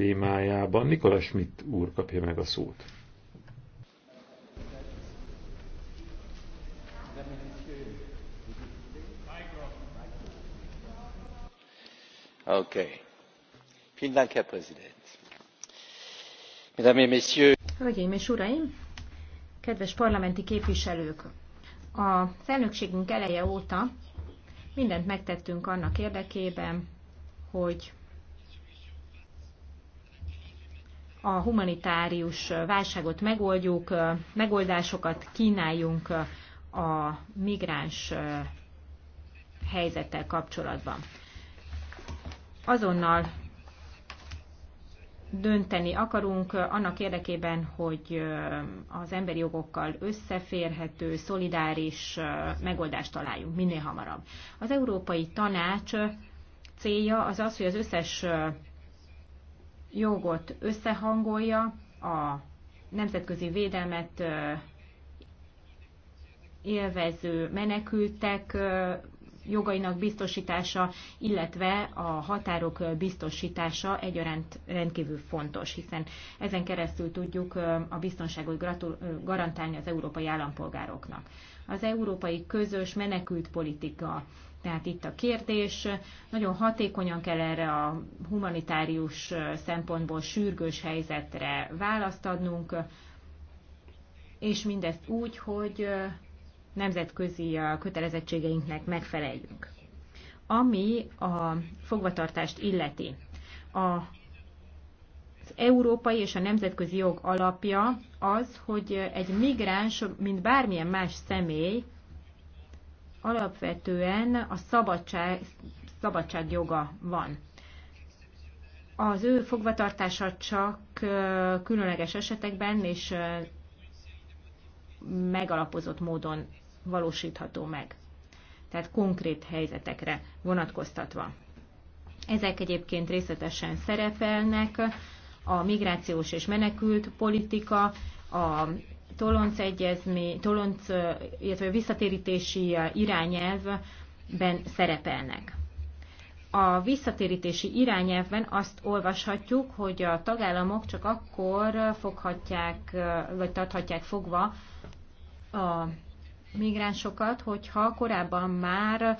témájában. Nikola Schmidt úr kapja meg a szót. Okay. Dank, Herr Präsident. Mesdames et Messieurs. Hölgyeim és uraim, kedves parlamenti képviselők! A felnökségünk eleje óta mindent megtettünk annak érdekében, hogy a humanitárius válságot megoldjuk, megoldásokat kínáljunk a migráns helyzettel kapcsolatban. Azonnal dönteni akarunk annak érdekében, hogy az emberi jogokkal összeférhető, szolidáris megoldást találjunk minél hamarabb. Az Európai Tanács célja az az, hogy az összes jogot összehangolja, a nemzetközi védelmet élvező menekültek jogainak biztosítása, illetve a határok biztosítása egyaránt rendkívül fontos, hiszen ezen keresztül tudjuk a biztonságot garantálni az európai állampolgároknak. Az európai közös menekült politika tehát itt a kérdés, nagyon hatékonyan kell erre a humanitárius szempontból sürgős helyzetre választ adnunk, és mindezt úgy, hogy nemzetközi kötelezettségeinknek megfeleljünk. Ami a fogvatartást illeti, a az európai és a nemzetközi jog alapja az, hogy egy migráns, mint bármilyen más személy, alapvetően a szabadság, szabadságjoga van. Az ő fogvatartása csak különleges esetekben és megalapozott módon valósítható meg. Tehát konkrét helyzetekre vonatkoztatva. Ezek egyébként részletesen szerepelnek a migrációs és menekült politika, a tolonc egyezmény, tolonc, illetve visszatérítési irányelvben szerepelnek. A visszatérítési irányelvben azt olvashatjuk, hogy a tagállamok csak akkor foghatják, vagy tarthatják fogva a migránsokat, hogyha korábban már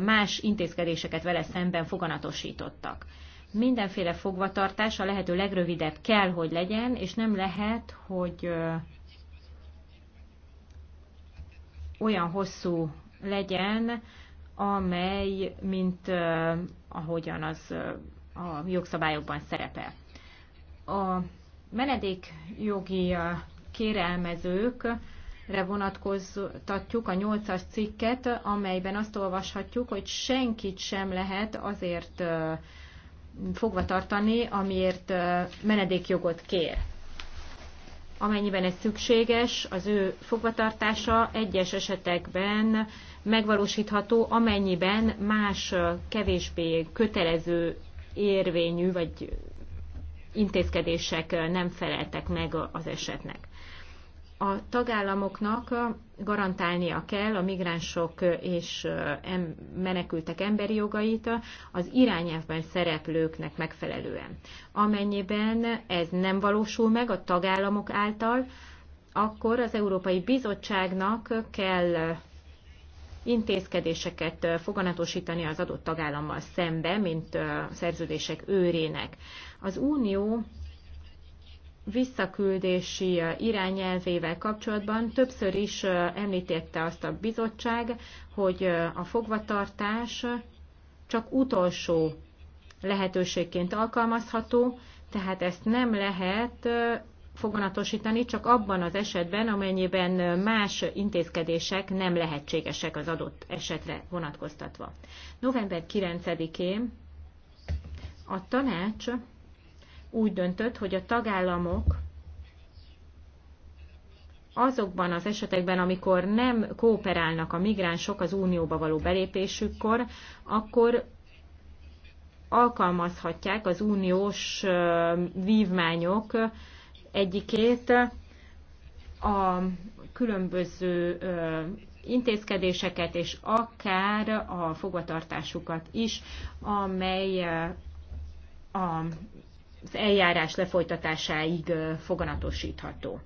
más intézkedéseket vele szemben foganatosítottak. Mindenféle fogvatartás a lehető legrövidebb kell, hogy legyen, és nem lehet, hogy olyan hosszú legyen, amely, mint ahogyan az a jogszabályokban szerepel. A menedékjogi kérelmezőkre vonatkoztatjuk a 8-as cikket, amelyben azt olvashatjuk, hogy senkit sem lehet azért fogva tartani, amiért menedékjogot kér amennyiben ez szükséges, az ő fogvatartása egyes esetekben megvalósítható, amennyiben más kevésbé kötelező érvényű vagy intézkedések nem feleltek meg az esetnek a tagállamoknak garantálnia kell a migránsok és menekültek emberi jogait az irányelvben szereplőknek megfelelően. Amennyiben ez nem valósul meg a tagállamok által, akkor az Európai Bizottságnak kell intézkedéseket foganatosítani az adott tagállammal szembe, mint szerződések őrének. Az Unió visszaküldési irányelvével kapcsolatban többször is említette azt a bizottság, hogy a fogvatartás csak utolsó lehetőségként alkalmazható, tehát ezt nem lehet foganatosítani csak abban az esetben, amennyiben más intézkedések nem lehetségesek az adott esetre vonatkoztatva. November 9-én a tanács úgy döntött, hogy a tagállamok azokban az esetekben, amikor nem kooperálnak a migránsok az unióba való belépésükkor, akkor alkalmazhatják az uniós vívmányok egyikét a különböző intézkedéseket és akár a fogvatartásukat is, amely a az eljárás lefolytatásáig foganatosítható.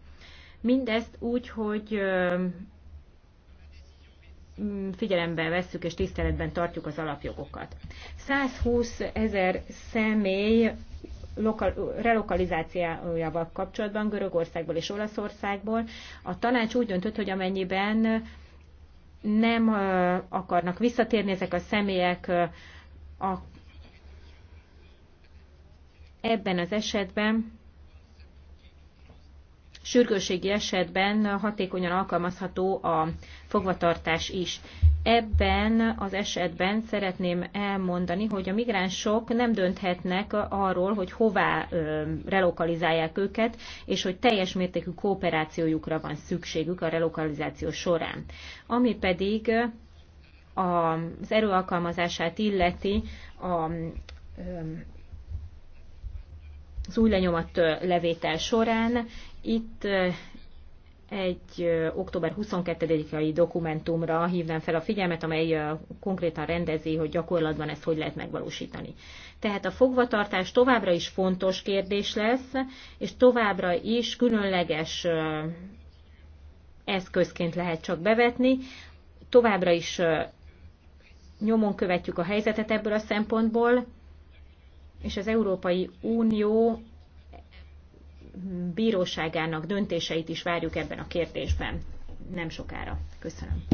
Mindezt úgy, hogy mm, figyelembe vesszük és tiszteletben tartjuk az alapjogokat. 120 ezer személy relokalizációjával kapcsolatban Görögországból és Olaszországból a tanács úgy döntött, hogy amennyiben nem akarnak visszatérni ezek a személyek, a ebben az esetben sürgőségi esetben hatékonyan alkalmazható a fogvatartás is. Ebben az esetben szeretném elmondani, hogy a migránsok nem dönthetnek arról, hogy hová relokalizálják őket, és hogy teljes mértékű kooperációjukra van szükségük a relokalizáció során. Ami pedig az erőalkalmazását alkalmazását illeti a az új lenyomat levétel során. Itt egy október 22-i dokumentumra hívnám fel a figyelmet, amely konkrétan rendezi, hogy gyakorlatban ezt hogy lehet megvalósítani. Tehát a fogvatartás továbbra is fontos kérdés lesz, és továbbra is különleges eszközként lehet csak bevetni. Továbbra is nyomon követjük a helyzetet ebből a szempontból, és az Európai Unió bíróságának döntéseit is várjuk ebben a kérdésben. Nem sokára. Köszönöm.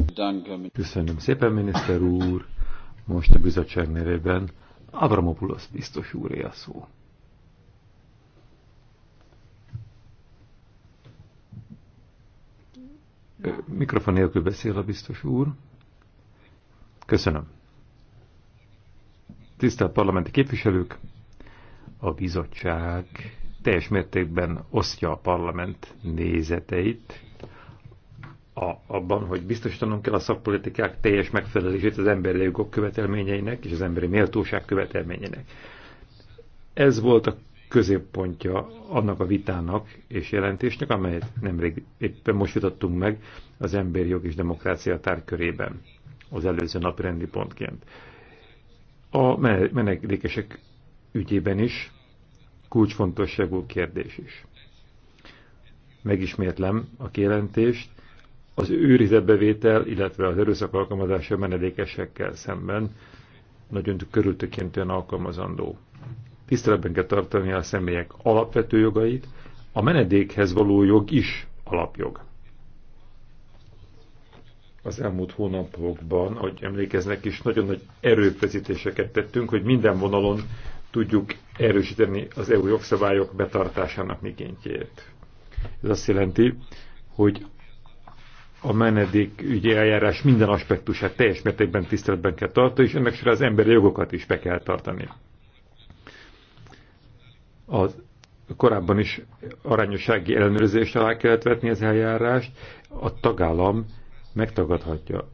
Köszönöm szépen, miniszter úr. Most a bizottság nevében Avramopoulos biztos úré a szó. Mikrofon nélkül beszél a biztos úr. Köszönöm. Tisztelt parlamenti képviselők, a bizottság teljes mértékben osztja a parlament nézeteit a, abban, hogy biztosítanunk kell a szakpolitikák teljes megfelelését az emberi jogok követelményeinek és az emberi méltóság követelményeinek. Ez volt a középpontja annak a vitának és jelentésnek, amelyet nemrég éppen most jutottunk meg az emberi jog és demokrácia tárkörében az előző napi rendi pontként. A menedékesek ügyében is kulcsfontosságú kérdés is. Megismétlem a kijelentést, az őrizetbevétel, illetve az erőszak alkalmazása menedékesekkel szemben nagyon körültökéntően alkalmazandó. Tiszteletben kell tartani a személyek alapvető jogait, a menedékhez való jog is alapjog. Az elmúlt hónapokban, ahogy emlékeznek is, nagyon nagy erőfeszítéseket tettünk, hogy minden vonalon tudjuk erősíteni az EU jogszabályok betartásának mikéntjét. Ez azt jelenti, hogy a menedék ügyi eljárás minden aspektusát teljes mértékben tiszteletben kell tartani, és ennek során az emberi jogokat is be kell tartani. Az korábban is arányossági ellenőrzést alá kellett vetni az eljárást, a tagállam megtagadhatja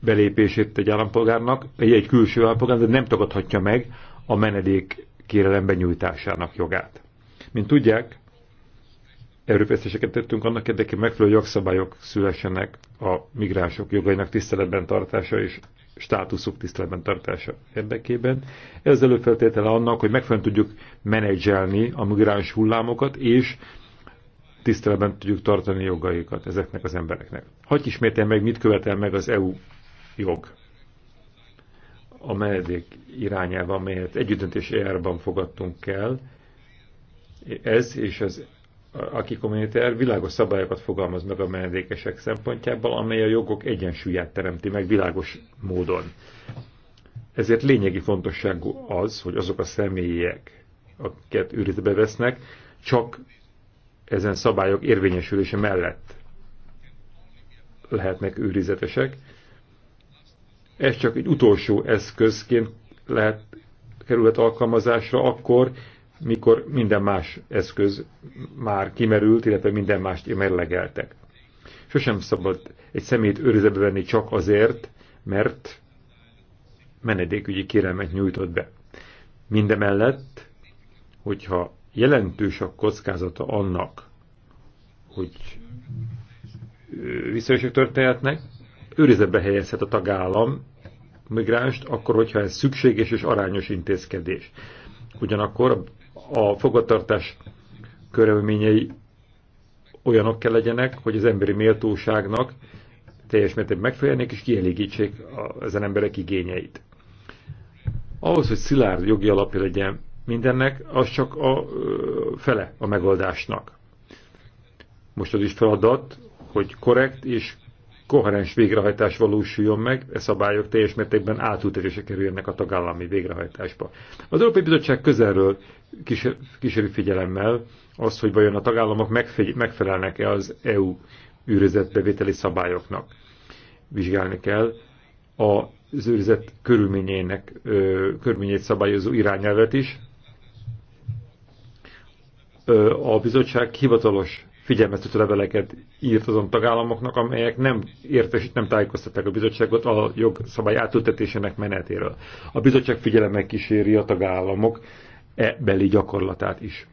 belépését egy állampolgárnak, egy, egy külső állampolgárnak, de nem tagadhatja meg a menedék kérelem benyújtásának jogát. Mint tudják, erőfeszítéseket tettünk annak érdekében megfelelő jogszabályok szülessenek a migránsok jogainak tiszteletben tartása és státuszuk tiszteletben tartása érdekében. Ez előfeltétele annak, hogy megfelelően tudjuk menedzselni a migráns hullámokat, és tiszteletben tudjuk tartani jogaikat ezeknek az embereknek. Hogy ismételjem meg, mit követel meg az EU jog a menedék irányába, amelyet együttöntési járban fogadtunk el. Ez és az aki kommunitár világos szabályokat fogalmaz meg a menedékesek szempontjából, amely a jogok egyensúlyát teremti meg világos módon. Ezért lényegi fontosságú az, hogy azok a személyek, akiket őrizbe vesznek, csak ezen szabályok érvényesülése mellett lehetnek őrizetesek, ez csak egy utolsó eszközként lehet kerület alkalmazásra akkor, mikor minden más eszköz már kimerült, illetve minden mást merlegeltek. Sosem szabad egy szemét őrizetbe venni csak azért, mert menedékügyi kérelmet nyújtott be. Mindemellett, hogyha jelentős a kockázata annak, hogy visszaesek történetnek, őrizetbe helyezhet a tagállam migránst, akkor, hogyha ez szükséges és arányos intézkedés. Ugyanakkor a fogadtartás körülményei olyanok kell legyenek, hogy az emberi méltóságnak teljes mértékben megfeleljenek és kielégítsék ezen emberek igényeit. Ahhoz, hogy szilárd jogi alapja legyen mindennek, az csak a fele a megoldásnak. Most az is feladat, hogy korrekt és koherens végrehajtás valósuljon meg, e szabályok teljes mértékben átültetése kerüljenek a tagállami végrehajtásba. Az Európai Bizottság közelről kísérő figyelemmel az, hogy vajon a tagállamok megfelelnek-e az EU őrizetbevételi szabályoknak. Vizsgálni kell az őrizet körülményeinek, körülményeit szabályozó irányelvet is. A bizottság hivatalos figyelmeztető leveleket írt azon tagállamoknak, amelyek nem értesít, nem tájékoztatták a bizottságot a jogszabály átültetésének menetéről. A bizottság figyelemmel kíséri a tagállamok e beli gyakorlatát is.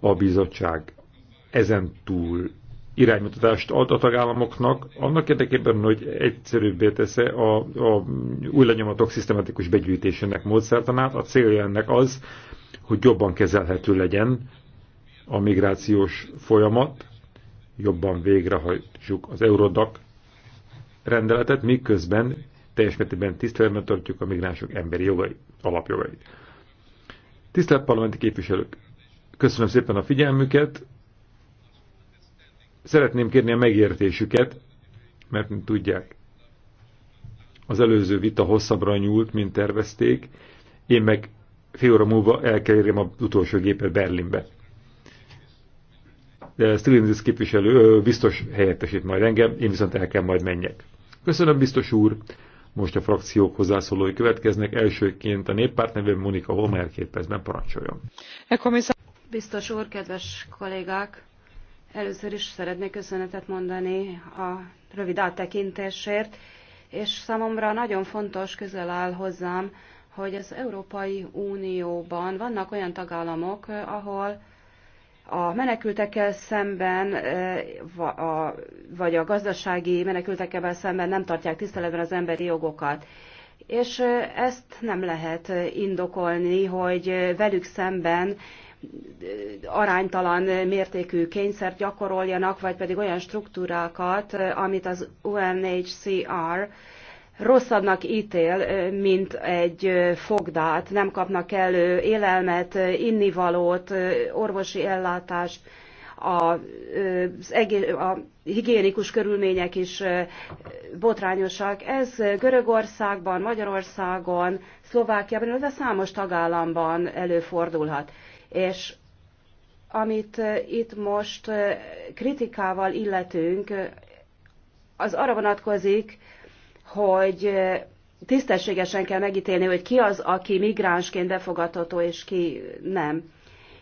A bizottság ezen túl iránymutatást ad a tagállamoknak, annak érdekében, hogy egyszerűbbé tesze a, a új lenyomatok szisztematikus begyűjtésének módszertanát. A célja ennek az, hogy jobban kezelhető legyen a migrációs folyamat, jobban végrehajtsuk az Eurodac rendeletet, miközben teljes mértékben tiszteletben tartjuk a migránsok emberi jogai alapjogait. Tisztelt parlamenti képviselők, köszönöm szépen a figyelmüket, szeretném kérni a megértésüket, mert mint tudják, az előző vita hosszabbra nyúlt, mint tervezték, én meg fél óra múlva el kell érjem az utolsó gépet Berlinbe. Stilinidis képviselő biztos helyettesít majd engem, én viszont el kell majd menjek. Köszönöm, biztos úr! Most a frakciók hozzászólói következnek. Elsőként a néppárt nevében Monika Holmer két percben parancsoljon. Biztos úr, kedves kollégák! Először is szeretnék köszönetet mondani a rövid áttekintésért, és számomra nagyon fontos, közel áll hozzám, hogy az Európai Unióban vannak olyan tagállamok, ahol a menekültekkel szemben, e, vagy a gazdasági menekültekkel szemben nem tartják tiszteletben az emberi jogokat. És e, ezt nem lehet indokolni, hogy velük szemben e, aránytalan mértékű kényszert gyakoroljanak, vagy pedig olyan struktúrákat, amit az UNHCR rosszabbnak ítél, mint egy fogdát, nem kapnak elő élelmet, innivalót, orvosi ellátást, a higiénikus körülmények is botrányosak. Ez Görögországban, Magyarországon, Szlovákiában, illetve számos tagállamban előfordulhat. És amit itt most kritikával illetünk, az arra vonatkozik, hogy tisztességesen kell megítélni, hogy ki az, aki migránsként befogadható, és ki nem.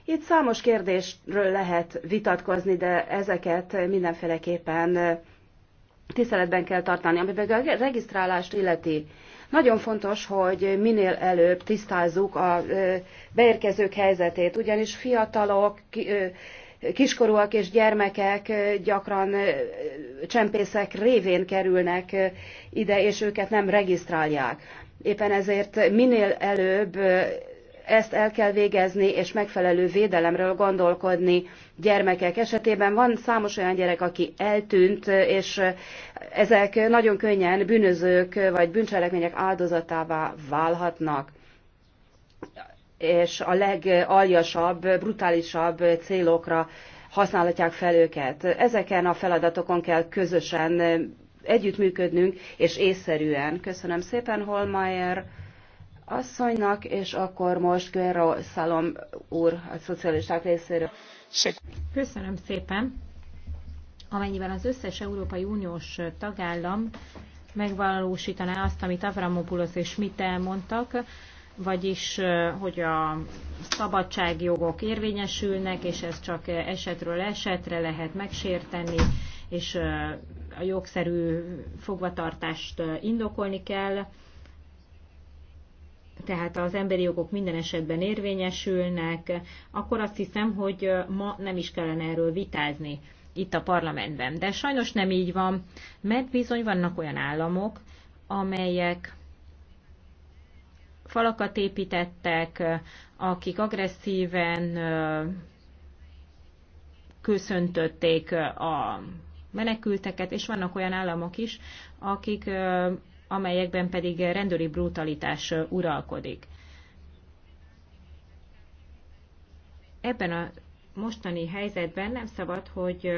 Itt számos kérdésről lehet vitatkozni, de ezeket mindenféleképpen tiszteletben kell tartani. Amiben a regisztrálást illeti, nagyon fontos, hogy minél előbb tisztázzuk a beérkezők helyzetét, ugyanis fiatalok, kiskorúak és gyermekek gyakran csempészek révén kerülnek ide, és őket nem regisztrálják. Éppen ezért minél előbb ezt el kell végezni, és megfelelő védelemről gondolkodni gyermekek esetében. Van számos olyan gyerek, aki eltűnt, és ezek nagyon könnyen bűnözők vagy bűncselekmények áldozatává válhatnak és a legaljasabb, brutálisabb célokra használhatják fel őket. Ezeken a feladatokon kell közösen együttműködnünk, és észszerűen. Köszönöm szépen Holmeier asszonynak, és akkor most Guerrero Szalom úr a szocialisták részéről. Köszönöm szépen. Amennyiben az összes Európai Uniós tagállam megvalósítaná azt, amit Avramopoulos és Schmidt elmondtak, vagyis hogy a szabadságjogok érvényesülnek, és ez csak esetről esetre lehet megsérteni, és a jogszerű fogvatartást indokolni kell. Tehát az emberi jogok minden esetben érvényesülnek, akkor azt hiszem, hogy ma nem is kellene erről vitázni itt a parlamentben. De sajnos nem így van, mert bizony vannak olyan államok, amelyek falakat építettek, akik agresszíven köszöntötték a menekülteket, és vannak olyan államok is, akik, amelyekben pedig rendőri brutalitás uralkodik. Ebben a mostani helyzetben nem szabad, hogy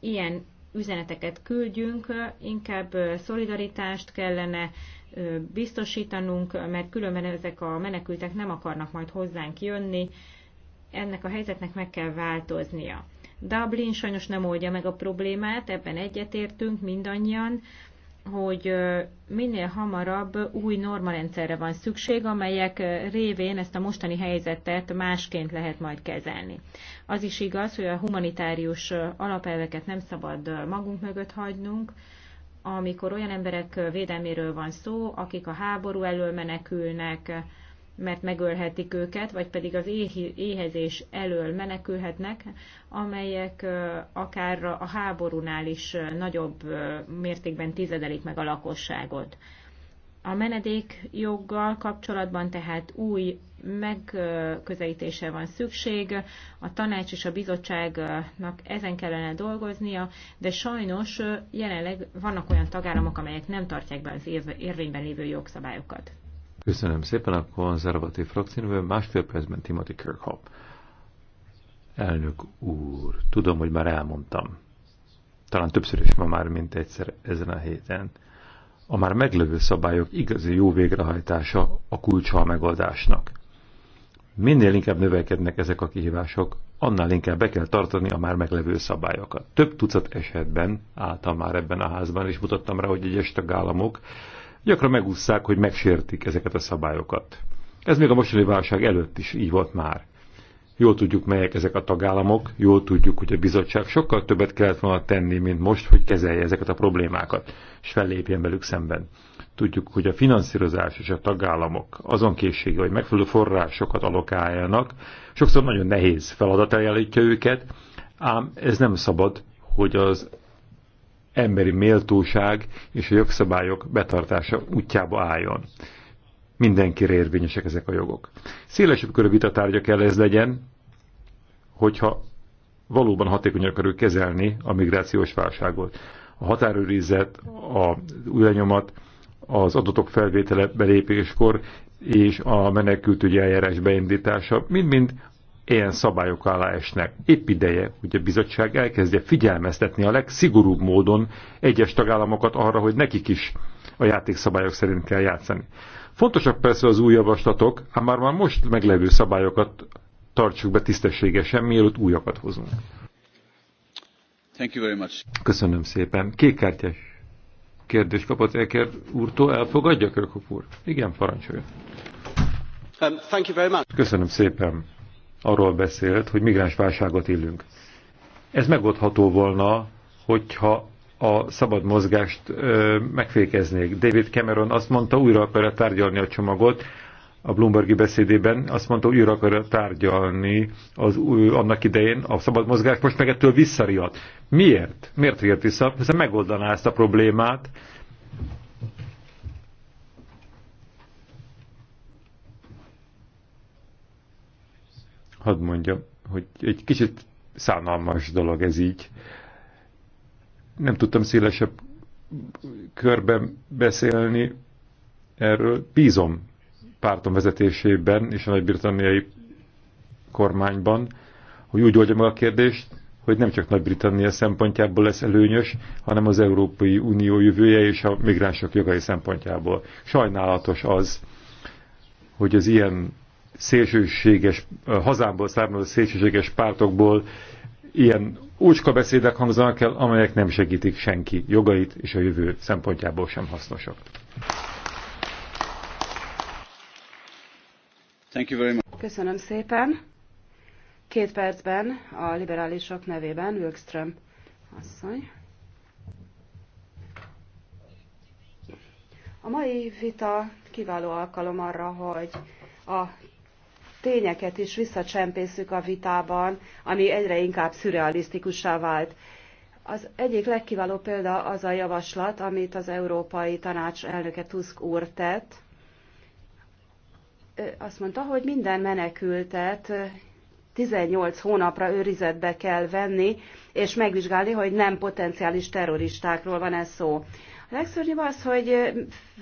ilyen üzeneteket küldjünk, inkább szolidaritást kellene biztosítanunk, mert különben ezek a menekültek nem akarnak majd hozzánk jönni, ennek a helyzetnek meg kell változnia. Dublin sajnos nem oldja meg a problémát, ebben egyetértünk mindannyian, hogy minél hamarabb új normarendszerre van szükség, amelyek révén ezt a mostani helyzetet másként lehet majd kezelni. Az is igaz, hogy a humanitárius alapelveket nem szabad magunk mögött hagynunk, amikor olyan emberek védelméről van szó, akik a háború elől menekülnek, mert megölhetik őket, vagy pedig az éhezés elől menekülhetnek, amelyek akár a háborúnál is nagyobb mértékben tizedelik meg a lakosságot. A menedékjoggal kapcsolatban tehát új megközelítése van szükség, a tanács és a bizottságnak ezen kellene dolgoznia, de sajnos jelenleg vannak olyan tagállamok, amelyek nem tartják be az érvényben lévő jogszabályokat. Köszönöm szépen a konzervatív frakcióvő, másfél percben Timothy Kirkhope. Elnök úr, tudom, hogy már elmondtam. Talán többször is ma már, mint egyszer ezen a héten, a már meglevő szabályok igazi jó végrehajtása a kulcsa a megoldásnak. Minél inkább növekednek ezek a kihívások, annál inkább be kell tartani a már meglevő szabályokat. Több tucat esetben álltam már ebben a házban, és mutattam rá, hogy egyes tagállamok gyakran megúszszák, hogy megsértik ezeket a szabályokat. Ez még a mostani válság előtt is így volt már. Jól tudjuk, melyek ezek a tagállamok, jól tudjuk, hogy a bizottság sokkal többet kellett volna tenni, mint most, hogy kezelje ezeket a problémákat, és fellépjen velük szemben. Tudjuk, hogy a finanszírozás és a tagállamok azon készsége, hogy megfelelő forrásokat alokáljanak, sokszor nagyon nehéz feladat eljelítja őket, ám ez nem szabad, hogy az emberi méltóság és a jogszabályok betartása útjába álljon mindenkire érvényesek ezek a jogok. Szélesebb körű vitatárgya kell ez legyen, hogyha valóban hatékonyan akarjuk kezelni a migrációs válságot. A határőrizet, a ülenyomat, az adatok felvétele belépéskor és a menekültügyi eljárás beindítása mind-mind ilyen szabályok alá esnek. Épp ideje, hogy a bizottság elkezdje figyelmeztetni a legszigorúbb módon egyes tagállamokat arra, hogy nekik is a játékszabályok szerint kell játszani. Fontosak persze az új javaslatok, ám már, már most meglevő szabályokat tartsuk be tisztességesen, mielőtt újakat hozunk. Thank you very much. Köszönöm szépen. Kékkártyás kérdés kapott Eker úrtól. Elfogadja, Körkop úr? Igen, parancsolja. Um, thank you very much. Köszönöm szépen. Arról beszélt, hogy migráns válságot élünk. Ez megoldható volna, hogyha a szabad mozgást ö, megfékeznék. David Cameron azt mondta, újra akarja tárgyalni a csomagot, a Bloombergi beszédében azt mondta, hogy újra akar tárgyalni az, annak idején a szabad mozgás, most meg ettől visszariadt. Miért? Miért riadt vissza? Hiszen megoldaná ezt a problémát. Hadd mondjam, hogy egy kicsit szánalmas dolog ez így. Nem tudtam szélesebb körben beszélni erről. Bízom pártom vezetésében és a nagy-britanniai kormányban, hogy úgy oldja meg a kérdést, hogy nem csak Nagy-Britannia szempontjából lesz előnyös, hanem az Európai Unió jövője és a migránsok jogai szempontjából. Sajnálatos az, hogy az ilyen szélsőséges, hazámból származó szélsőséges pártokból ilyen úcska beszédek hangzanak el, amelyek nem segítik senki jogait és a jövő szempontjából sem hasznosak. Thank you very much. Köszönöm szépen. Két percben a liberálisok nevében Wilkström asszony. A mai vita kiváló alkalom arra, hogy a tényeket is visszacsempészük a vitában, ami egyre inkább szürrealisztikussá vált. Az egyik legkiváló példa az a javaslat, amit az Európai Tanács elnöke Tusk úr tett, azt mondta, hogy minden menekültet 18 hónapra őrizetbe kell venni, és megvizsgálni, hogy nem potenciális terroristákról van ez szó. A legszörnyűbb az, hogy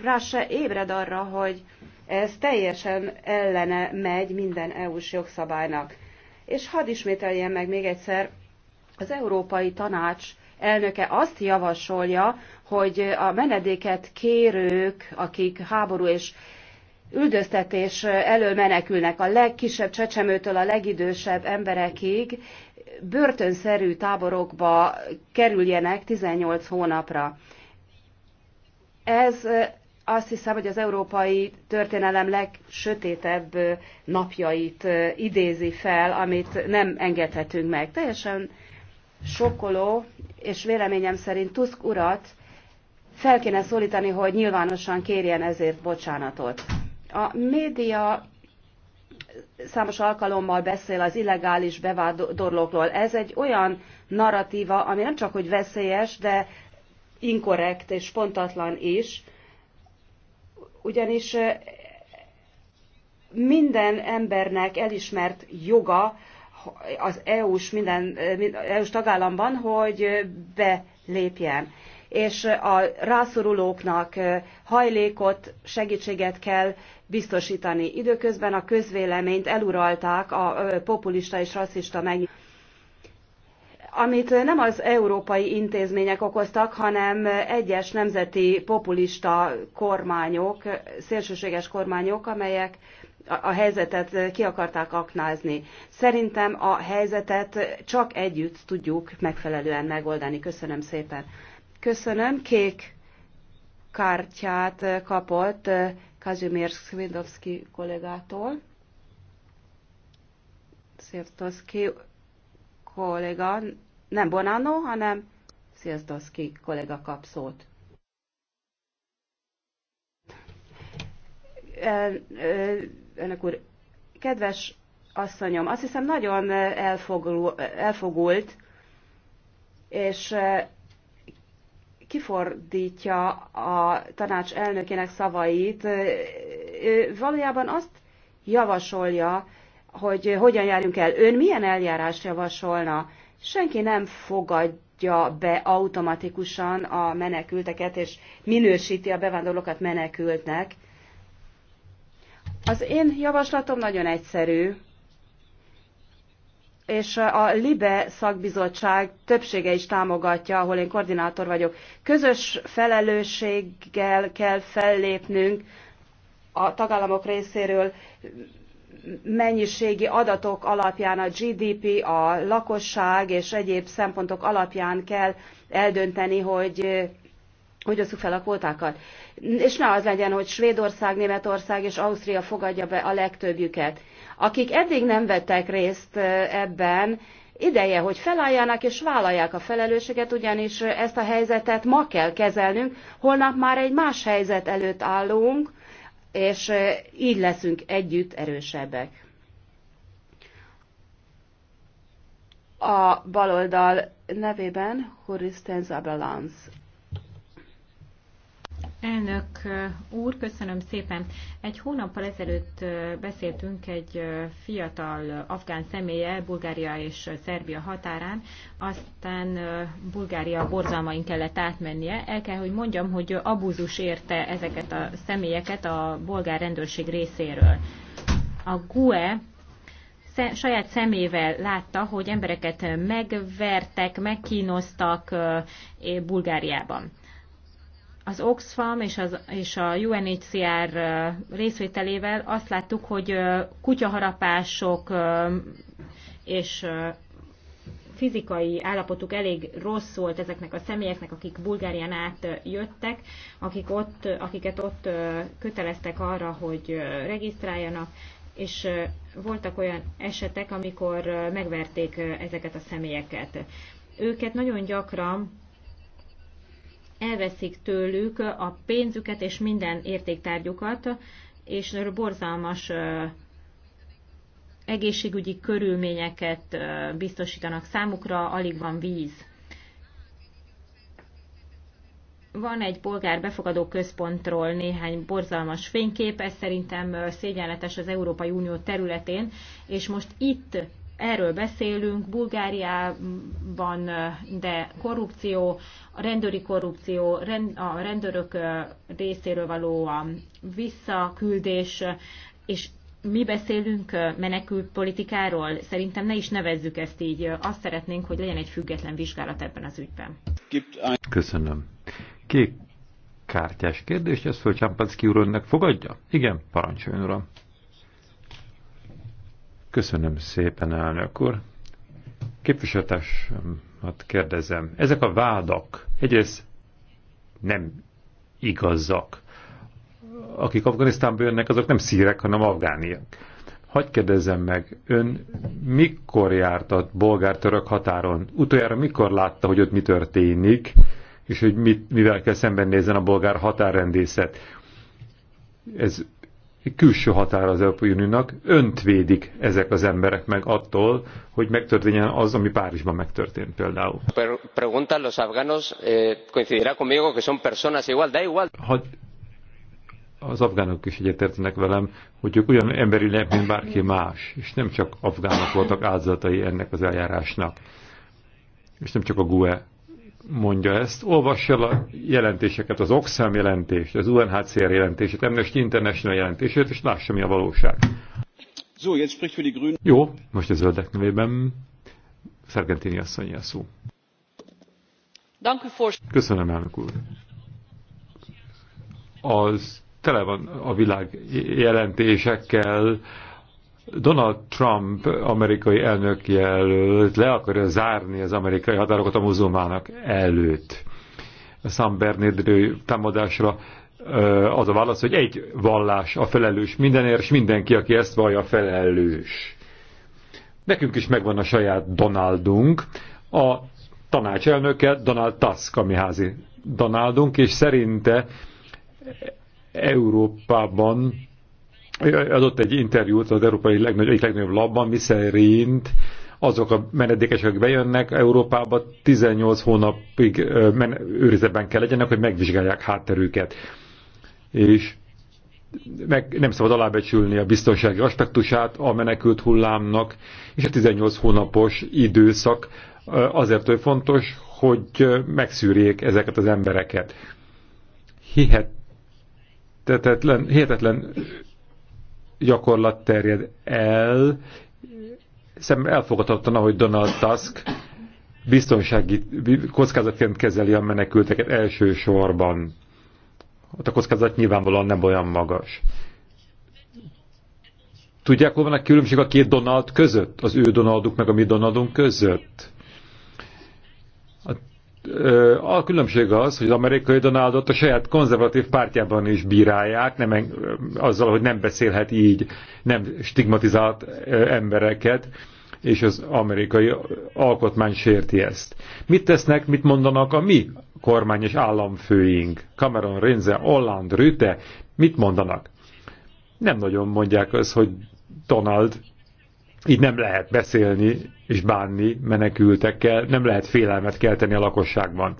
rá se ébred arra, hogy ez teljesen ellene megy minden EU-s jogszabálynak. És hadd ismételjen meg még egyszer, az Európai Tanács elnöke azt javasolja, hogy a menedéket kérők, akik háború és üldöztetés elől menekülnek a legkisebb csecsemőtől a legidősebb emberekig, börtönszerű táborokba kerüljenek 18 hónapra. Ez azt hiszem, hogy az európai történelem legsötétebb napjait idézi fel, amit nem engedhetünk meg. Teljesen sokkoló, és véleményem szerint Tusk urat fel kéne szólítani, hogy nyilvánosan kérjen ezért bocsánatot. A média számos alkalommal beszél az illegális bevándorlókról. Ez egy olyan narratíva, ami nem csak hogy veszélyes, de inkorrekt és pontatlan is, ugyanis minden embernek elismert joga az EU-s, minden, EU-s tagállamban, hogy belépjen. És a rászorulóknak hajlékot, segítséget kell biztosítani. Időközben a közvéleményt eluralták a populista és rasszista meg amit nem az európai intézmények okoztak, hanem egyes nemzeti populista kormányok, szélsőséges kormányok, amelyek a helyzetet ki akarták aknázni. Szerintem a helyzetet csak együtt tudjuk megfelelően megoldani. Köszönöm szépen. Köszönöm. Kék kártyát kapott Kazimierz Szvindovszki kollégától. Szirtoszki kollega, nem Bonanno, hanem Szirtoszki kollega kap szót. Önök e, e, úr, kedves asszonyom, azt hiszem nagyon elfogul, elfogult, és kifordítja a tanács elnökének szavait, ő valójában azt javasolja, hogy hogyan járjunk el. Ön milyen eljárást javasolna? Senki nem fogadja be automatikusan a menekülteket, és minősíti a bevándorlókat menekültnek. Az én javaslatom nagyon egyszerű és a LIBE szakbizottság többsége is támogatja, ahol én koordinátor vagyok. Közös felelősséggel kell fellépnünk a tagállamok részéről mennyiségi adatok alapján, a GDP, a lakosság és egyéb szempontok alapján kell eldönteni, hogy hogy osszuk fel a kvótákat. És ne az legyen, hogy Svédország, Németország és Ausztria fogadja be a legtöbbjüket akik eddig nem vettek részt ebben, ideje, hogy felálljanak és vállalják a felelősséget, ugyanis ezt a helyzetet ma kell kezelnünk, holnap már egy más helyzet előtt állunk, és így leszünk együtt erősebbek. A baloldal nevében Horisztens Abalance Elnök úr, köszönöm szépen. Egy hónappal ezelőtt beszéltünk egy fiatal afgán személye Bulgária és Szerbia határán, aztán Bulgária borzalmain kellett átmennie. El kell, hogy mondjam, hogy abúzus érte ezeket a személyeket a bolgár rendőrség részéről. A GUE saját szemével látta, hogy embereket megvertek, megkínoztak Bulgáriában az Oxfam és, az, és a UNHCR részvételével azt láttuk, hogy kutyaharapások és fizikai állapotuk elég rossz volt ezeknek a személyeknek, akik Bulgárián át jöttek, akik ott, akiket ott köteleztek arra, hogy regisztráljanak, és voltak olyan esetek, amikor megverték ezeket a személyeket. Őket nagyon gyakran elveszik tőlük a pénzüket és minden értéktárgyukat, és borzalmas egészségügyi körülményeket biztosítanak számukra, alig van víz. Van egy polgár befogadó központról néhány borzalmas fénykép, ez szerintem szégyenletes az Európai Unió területén, és most itt erről beszélünk, Bulgáriában, de korrupció, a rendőri korrupció, a rendőrök részéről való a visszaküldés, és mi beszélünk menekültpolitikáról, szerintem ne is nevezzük ezt így. Azt szeretnénk, hogy legyen egy független vizsgálat ebben az ügyben. Köszönöm. Kék kártyás kérdés, ezt föl Csampanszki úr önnek fogadja? Igen, parancsoljon uram. Köszönöm szépen, elnök úr. Képviselőtársamat kérdezem. Ezek a vádak egyrészt nem igazak. Akik Afganisztánba jönnek, azok nem szírek, hanem afgániak. Hagy kérdezzem meg, ön mikor járt a bolgár-török határon? Utoljára mikor látta, hogy ott mi történik, és hogy mit, mivel kell szembenézzen a bolgár határrendészet? Ez külső határ az Európai Uniónak, önt védik ezek az emberek meg attól, hogy megtörténjen az, ami Párizsban megtörtént például. Pregunta los afganos, eh, coincidirá conmigo que son personas igual, da igual. Ha az afgánok is egyetértenek velem, hogy ők olyan emberi lehet, mint bárki más, és nem csak afgánok voltak áldozatai ennek az eljárásnak, és nem csak a GUE mondja ezt, olvassa a jelentéseket, az Oxfam jelentést, az UNHCR jelentését, Amnesty International jelentését, és lássa, mi a valóság. So, jetzt spricht für die Grünen. Jó, most a zöldek nevében Szergentini asszonyi a szó. Köszönöm, elnök úr. Az tele van a világ jelentésekkel, Donald Trump amerikai elnök jelölt le akarja zárni az amerikai határokat a muzulmának előtt. A San Bernardino támadásra az a válasz, hogy egy vallás a felelős mindenért, és mindenki, aki ezt vallja, a felelős. Nekünk is megvan a saját Donaldunk, a tanácselnöke Donald Tusk, ami házi Donaldunk, és szerinte Európában adott egy interjút az európai legnagyobb, egyik legnagyobb labban, szerint azok a menedékesek, akik bejönnek Európába, 18 hónapig őrizetben kell legyenek, hogy megvizsgálják hátterüket. És meg nem szabad alábecsülni a biztonsági aspektusát a menekült hullámnak, és a 18 hónapos időszak azért hogy fontos, hogy megszűrjék ezeket az embereket. Hihetetlen, hihetetlen gyakorlat terjed el, szem elfogadhatatlan, ahogy Donald Tusk biztonsági kockázatként kezeli a menekülteket elsősorban. Ott a kockázat nyilvánvalóan nem olyan magas. Tudják, hol van a különbség a két Donald között? Az ő Donalduk meg a mi Donaldunk között? a különbség az, hogy az amerikai Donaldot a saját konzervatív pártjában is bírálják, nem, azzal, hogy nem beszélhet így, nem stigmatizált embereket, és az amerikai alkotmány sérti ezt. Mit tesznek, mit mondanak a mi kormány és államfőink? Cameron, Renze, Hollande, Rüte, mit mondanak? Nem nagyon mondják az, hogy Donald így nem lehet beszélni és bánni menekültekkel, nem lehet félelmet kelteni a lakosságban.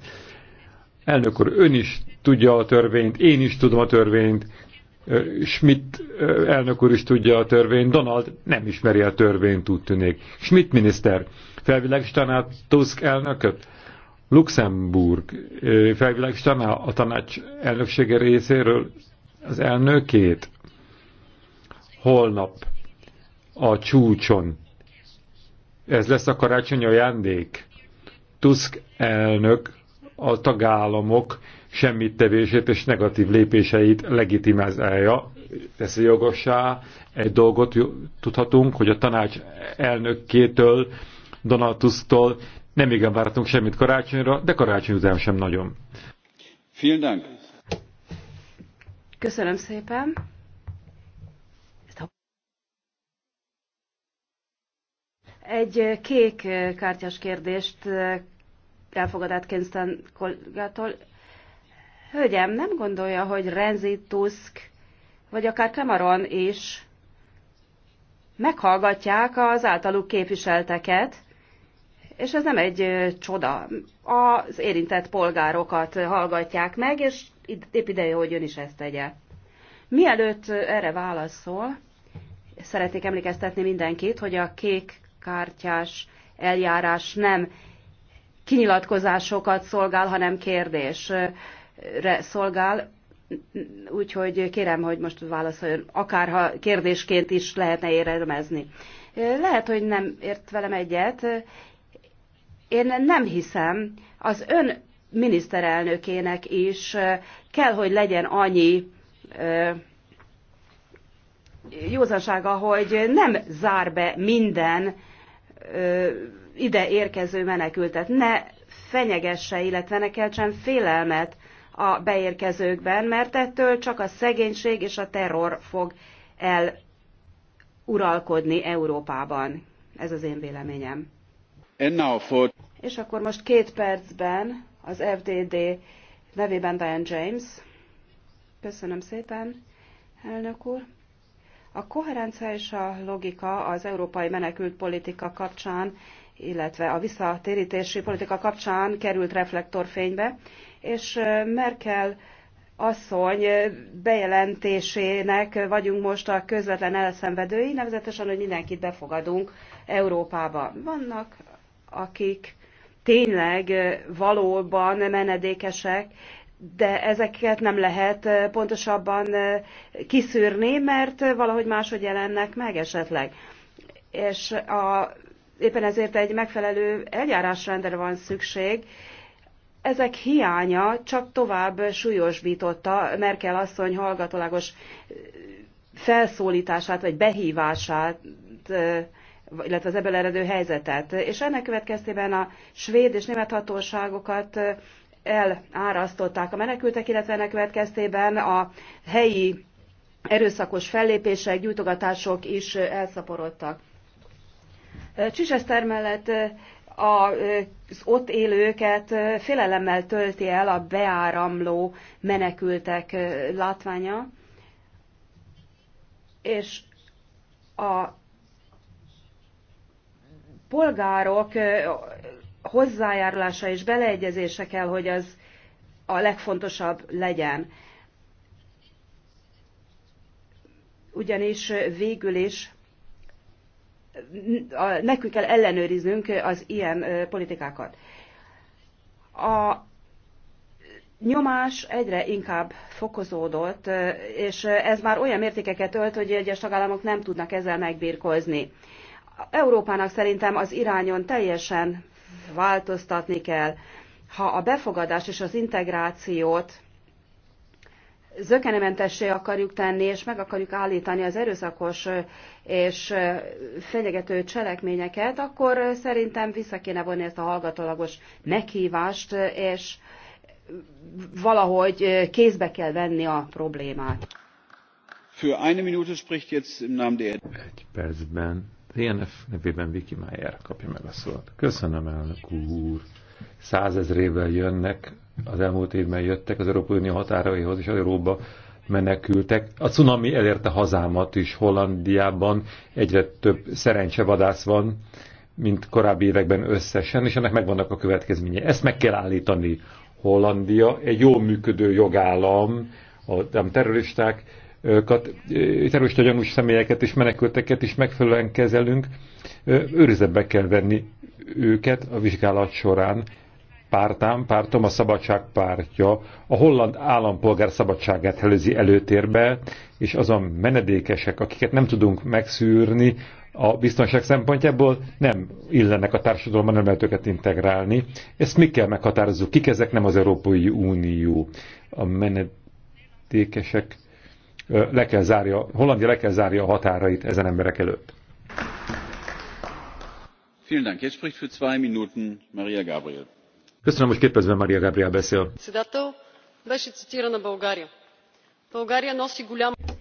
Elnök úr, ön is tudja a törvényt, én is tudom a törvényt, Schmidt elnök úr is tudja a törvényt, Donald nem ismeri a törvényt, úgy tűnik. Schmidt miniszter tanács Tusk elnököt? Luxemburg felvilágítaná a tanács elnöksége részéről az elnökét? Holnap a csúcson. Ez lesz a karácsony ajándék. Tusk elnök a tagállamok semmit tevését és negatív lépéseit legitimizálja, a jogosá. Egy dolgot tudhatunk, hogy a tanács elnökkétől, Donald Tusktól nem igen vártunk semmit karácsonyra, de karácsony után sem nagyon. Vielen Dank. Köszönöm szépen. Egy kék kártyás kérdést elfogadott Kinston kollégától. Hölgyem, nem gondolja, hogy Renzi Tusk vagy akár Cameron is meghallgatják az általuk képviselteket, és ez nem egy csoda. Az érintett polgárokat hallgatják meg, és épp ideje, hogy ön is ezt tegye. Mielőtt erre válaszol, szeretnék emlékeztetni mindenkit, hogy a kék kártyás eljárás nem kinyilatkozásokat szolgál, hanem kérdésre szolgál. Úgyhogy kérem, hogy most válaszoljon, akárha kérdésként is lehetne érelmezni. Lehet, hogy nem ért velem egyet. Én nem hiszem, az ön miniszterelnökének is kell, hogy legyen annyi józansága, hogy nem zár be minden ide érkező menekültet. Ne fenyegesse, illetve ne keltsen félelmet a beérkezőkben, mert ettől csak a szegénység és a terror fog el uralkodni Európában. Ez az én véleményem. For... És akkor most két percben az FDD nevében Diane James. Köszönöm szépen, elnök úr. A koherencia és a logika az európai politika kapcsán, illetve a visszatérítési politika kapcsán került reflektorfénybe, és Merkel asszony bejelentésének vagyunk most a közvetlen elszenvedői, nevezetesen, hogy mindenkit befogadunk Európába. Vannak, akik tényleg valóban menedékesek, de ezeket nem lehet eh, pontosabban eh, kiszűrni, mert eh, valahogy máshogy jelennek meg esetleg. És a, éppen ezért egy megfelelő eljárásrendre van szükség. Ezek hiánya csak tovább súlyosbította Merkel asszony hallgatólagos felszólítását vagy behívását illetve az ebből eredő helyzetet. És ennek következtében a svéd és német hatóságokat elárasztották a menekültek, illetve ennek következtében a helyi erőszakos fellépések, gyújtogatások is elszaporodtak. Csücseszter mellett az ott élőket félelemmel tölti el a beáramló menekültek látványa, és a polgárok hozzájárulása és beleegyezése kell, hogy az a legfontosabb legyen. Ugyanis végül is nekünk kell ellenőriznünk az ilyen politikákat. A nyomás egyre inkább fokozódott, és ez már olyan mértékeket ölt, hogy egyes tagállamok nem tudnak ezzel megbírkozni. Európának szerintem az irányon teljesen változtatni kell. Ha a befogadás és az integrációt zökenementessé akarjuk tenni, és meg akarjuk állítani az erőszakos és fenyegető cselekményeket, akkor szerintem vissza kéne vonni ezt a hallgatólagos meghívást, és valahogy kézbe kell venni a problémát. Für eine Minute spricht jetzt im Namen der... Egy percben TNF nevében Viki Mayer kapja meg a szót. Köszönöm, elnök úr. Százezrével jönnek, az elmúlt évben jöttek az Európai Unió határaihoz, és az Euróba menekültek. A cunami elérte hazámat is Hollandiában. Egyre több szerencsevadász van, mint korábbi években összesen, és ennek megvannak a következményei. Ezt meg kell állítani. Hollandia egy jól működő jogállam, a terroristák terrorista gyanús személyeket és menekülteket is megfelelően kezelünk, őrizetbe kell venni őket a vizsgálat során. Pártám, pártom a Szabadság pártja a holland állampolgár szabadságát helőzi előtérbe, és azon menedékesek, akiket nem tudunk megszűrni, a biztonság szempontjából nem illenek a társadalomban, nem lehet őket integrálni. Ezt mi kell meghatározzuk? Kik ezek nem az Európai Unió? A menedékesek le kell zárja, Hollandia le kell zárja a határait ezen emberek előtt. Köszönöm, hogy két percben Maria Gabriel beszél.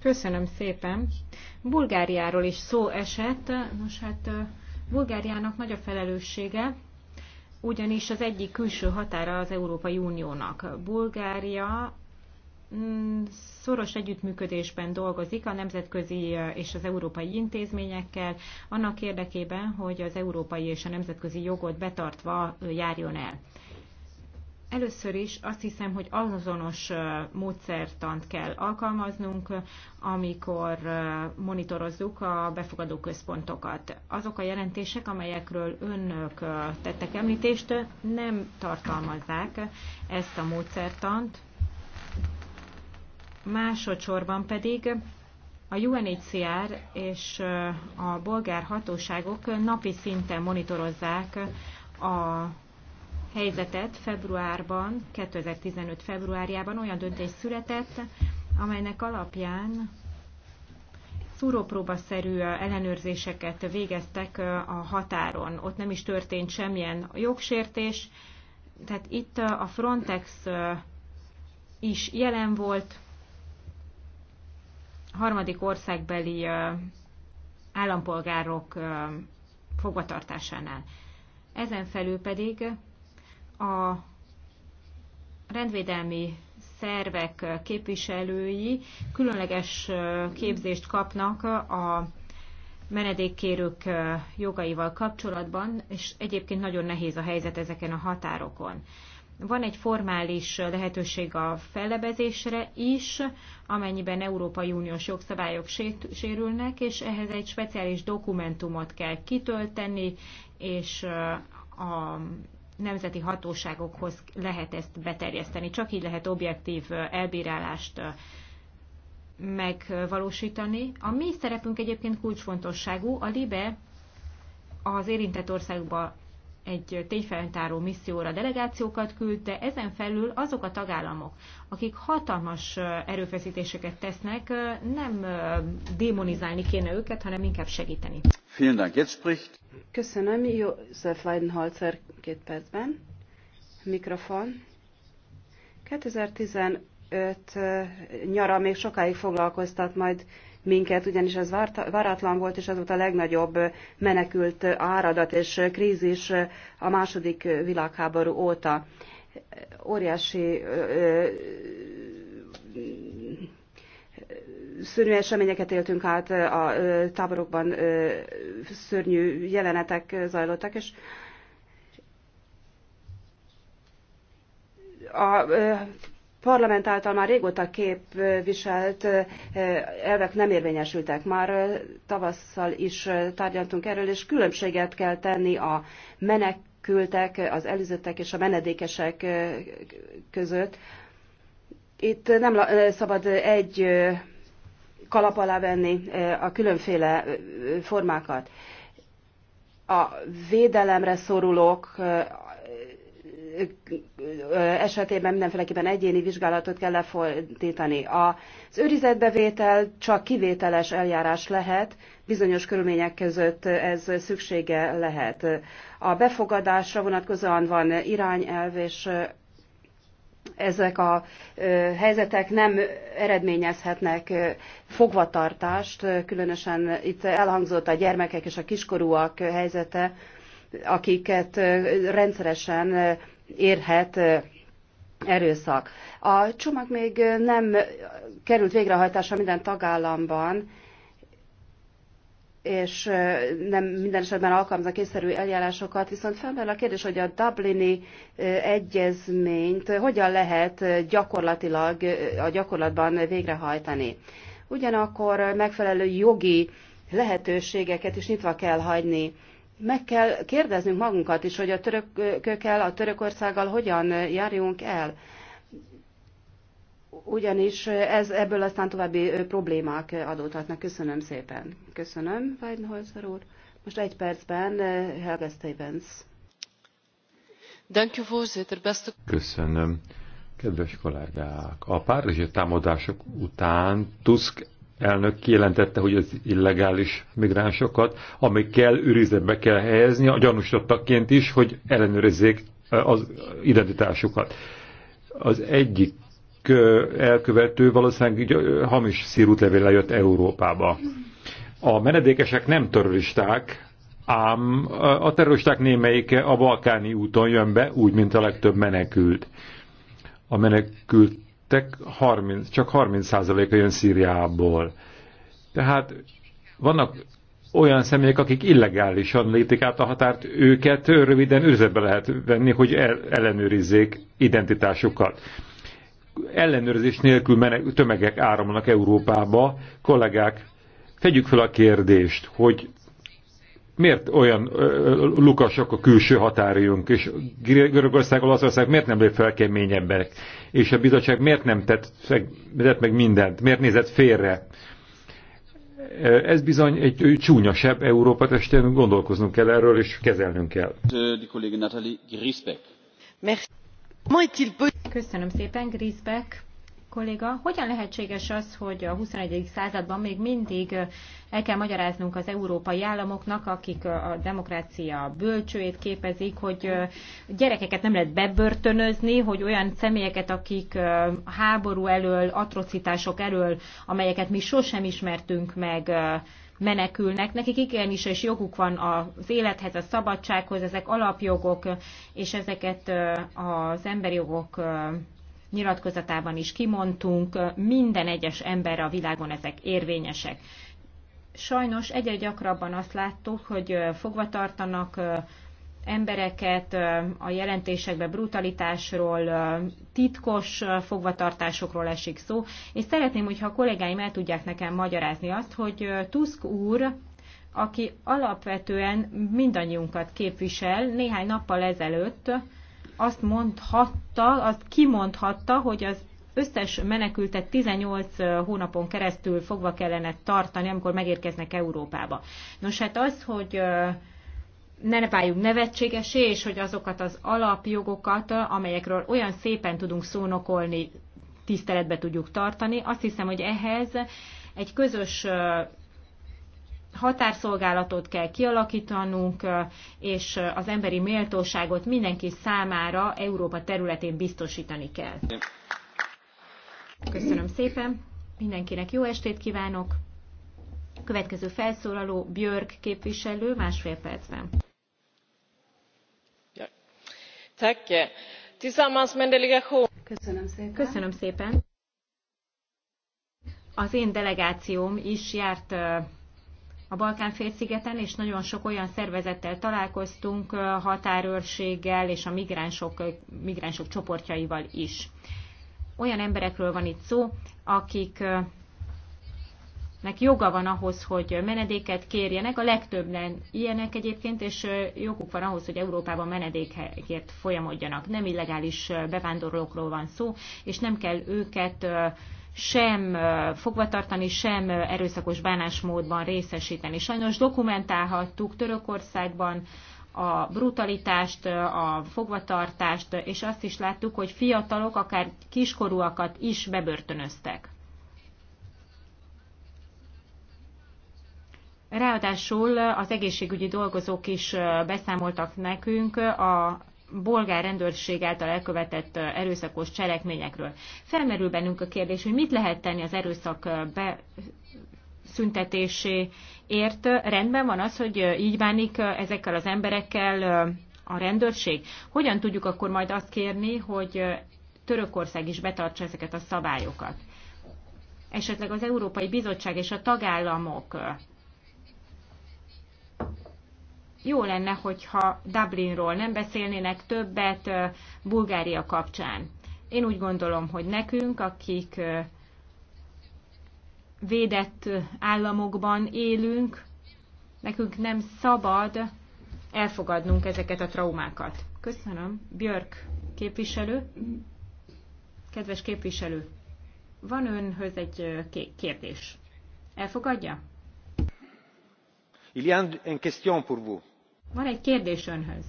Köszönöm szépen. Bulgáriáról is szó esett. Nos hát Bulgáriának nagy a felelőssége, ugyanis az egyik külső határa az Európai Uniónak. Bulgária Mm, szoros együttműködésben dolgozik a nemzetközi és az európai intézményekkel, annak érdekében, hogy az európai és a nemzetközi jogot betartva járjon el. Először is azt hiszem, hogy azonos módszertant kell alkalmaznunk, amikor monitorozzuk a befogadó központokat. Azok a jelentések, amelyekről önök tettek említést, nem tartalmazzák ezt a módszertant, Másodszorban pedig a UNHCR és a bolgár hatóságok napi szinten monitorozzák a helyzetet februárban, 2015 februárjában olyan döntés született, amelynek alapján szúrópróbaszerű ellenőrzéseket végeztek a határon. Ott nem is történt semmilyen jogsértés, tehát itt a Frontex is jelen volt, harmadik országbeli állampolgárok fogvatartásánál. Ezen felül pedig a rendvédelmi szervek képviselői különleges képzést kapnak a menedékkérők jogaival kapcsolatban, és egyébként nagyon nehéz a helyzet ezeken a határokon. Van egy formális lehetőség a fellebezésre is, amennyiben Európai Uniós jogszabályok sérülnek, és ehhez egy speciális dokumentumot kell kitölteni, és a nemzeti hatóságokhoz lehet ezt beterjeszteni. Csak így lehet objektív elbírálást megvalósítani. A mi szerepünk egyébként kulcsfontosságú. A LIBE az érintett országba egy tényfeltáró misszióra delegációkat küld, de ezen felül azok a tagállamok, akik hatalmas erőfeszítéseket tesznek, nem démonizálni kéne őket, hanem inkább segíteni. Köszönöm, József Weidenholzer két percben. Mikrofon. 2015 nyara még sokáig foglalkoztat majd minket, ugyanis ez váratlan volt, és az volt a legnagyobb menekült áradat és krízis a második világháború óta. Óriási szörnyű eseményeket éltünk át, a táborokban szörnyű jelenetek zajlottak, és a parlament által már régóta képviselt elvek nem érvényesültek. Már tavasszal is tárgyaltunk erről, és különbséget kell tenni a menekültek, az előzöttek és a menedékesek között. Itt nem szabad egy kalap alá venni a különféle formákat. A védelemre szorulók, esetében mindenféleképpen egyéni vizsgálatot kell lefordítani. Az őrizetbevétel csak kivételes eljárás lehet, bizonyos körülmények között ez szüksége lehet. A befogadásra vonatkozóan van irányelv, és ezek a helyzetek nem eredményezhetnek fogvatartást, különösen itt elhangzott a gyermekek és a kiskorúak helyzete, akiket rendszeresen érhet erőszak. A csomag még nem került végrehajtásra minden tagállamban, és nem minden esetben alkalmazza kényszerű eljárásokat, viszont felmerül a kérdés, hogy a Dublini egyezményt hogyan lehet gyakorlatilag a gyakorlatban végrehajtani. Ugyanakkor megfelelő jogi lehetőségeket is nyitva kell hagyni meg kell kérdeznünk magunkat is, hogy a törökökkel, a Törökországgal hogyan járjunk el. Ugyanis ez, ebből aztán további problémák adódhatnak. Köszönöm szépen. Köszönöm, Weidenholzer úr. Most egy percben eh, Helga Stevens. Köszönöm. Kedves kollégák, a párizsi támadások után Tusk elnök kijelentette, hogy az illegális migránsokat, amikkel őrizetbe kell helyezni, a gyanúsítottakként is, hogy ellenőrizzék az identitásukat. Az egyik elkövető valószínűleg hamis szírútlevéllel jött Európába. A menedékesek nem terroristák, ám a terroristák némelyike a balkáni úton jön be, úgy, mint a legtöbb menekült. A menekült menekültek 30, csak 30%-a jön Szíriából. Tehát vannak olyan személyek, akik illegálisan lépik át a határt, őket röviden őrzetbe lehet venni, hogy el, ellenőrizzék identitásukat. Ellenőrzés nélkül menek, tömegek áramlanak Európába. Kollégák, fegyük fel a kérdést, hogy Miért olyan ö, lukasok a külső határjunk, és Görögország, Olaszország miért nem lép fel keményebben, és a bizottság miért nem tett, tett meg mindent, miért nézett félre? Ez bizony egy csúnyasebb Európa testén gondolkoznunk kell erről, és kezelnünk kell. Köszönöm szépen, Grisbeck kolléga, hogyan lehetséges az, hogy a 21. században még mindig el kell magyaráznunk az európai államoknak, akik a demokrácia bölcsőjét képezik, hogy gyerekeket nem lehet bebörtönözni, hogy olyan személyeket, akik háború elől, atrocitások elől, amelyeket mi sosem ismertünk meg, menekülnek. Nekik igenis, és joguk van az élethez, a szabadsághoz, ezek alapjogok, és ezeket az emberi jogok nyilatkozatában is kimondtunk, minden egyes emberre a világon ezek érvényesek. Sajnos egyre gyakrabban azt láttuk, hogy fogva tartanak embereket a jelentésekbe brutalitásról, titkos fogvatartásokról esik szó, és szeretném, hogyha a kollégáim el tudják nekem magyarázni azt, hogy Tusk úr, aki alapvetően mindannyiunkat képvisel, néhány nappal ezelőtt azt mondhatta, azt kimondhatta, hogy az összes menekültet 18 hónapon keresztül fogva kellene tartani, amikor megérkeznek Európába. Nos, hát az, hogy ne váljunk nevetségesé, és hogy azokat az alapjogokat, amelyekről olyan szépen tudunk szónokolni, tiszteletbe tudjuk tartani. Azt hiszem, hogy ehhez egy közös határszolgálatot kell kialakítanunk, és az emberi méltóságot mindenki számára Európa területén biztosítani kell. Köszönöm szépen, mindenkinek jó estét kívánok. Következő felszólaló Björk képviselő, másfél percben. Köszönöm szépen. Köszönöm szépen. Az én delegációm is járt a Balkán-félszigeten, és nagyon sok olyan szervezettel találkoztunk, határőrséggel és a migránsok, migránsok csoportjaival is. Olyan emberekről van itt szó, akik nek joga van ahhoz, hogy menedéket kérjenek, a legtöbben ilyenek egyébként, és joguk van ahhoz, hogy Európában menedékért folyamodjanak. Nem illegális bevándorlókról van szó, és nem kell őket sem fogvatartani, sem erőszakos bánásmódban részesíteni. Sajnos dokumentálhattuk Törökországban a brutalitást, a fogvatartást, és azt is láttuk, hogy fiatalok, akár kiskorúakat is bebörtönöztek. Ráadásul az egészségügyi dolgozók is beszámoltak nekünk a bolgár rendőrség által elkövetett erőszakos cselekményekről. Felmerül bennünk a kérdés, hogy mit lehet tenni az erőszak beszüntetéséért. Rendben van az, hogy így bánik ezekkel az emberekkel a rendőrség. Hogyan tudjuk akkor majd azt kérni, hogy Törökország is betartsa ezeket a szabályokat? Esetleg az Európai Bizottság és a tagállamok jó lenne, hogyha Dublinról nem beszélnének többet Bulgária kapcsán. Én úgy gondolom, hogy nekünk, akik védett államokban élünk, nekünk nem szabad elfogadnunk ezeket a traumákat. Köszönöm. Björk képviselő. Kedves képviselő, van önhöz egy kérdés. Elfogadja? Il y a une question pour vous. Van egy kérdés önhöz.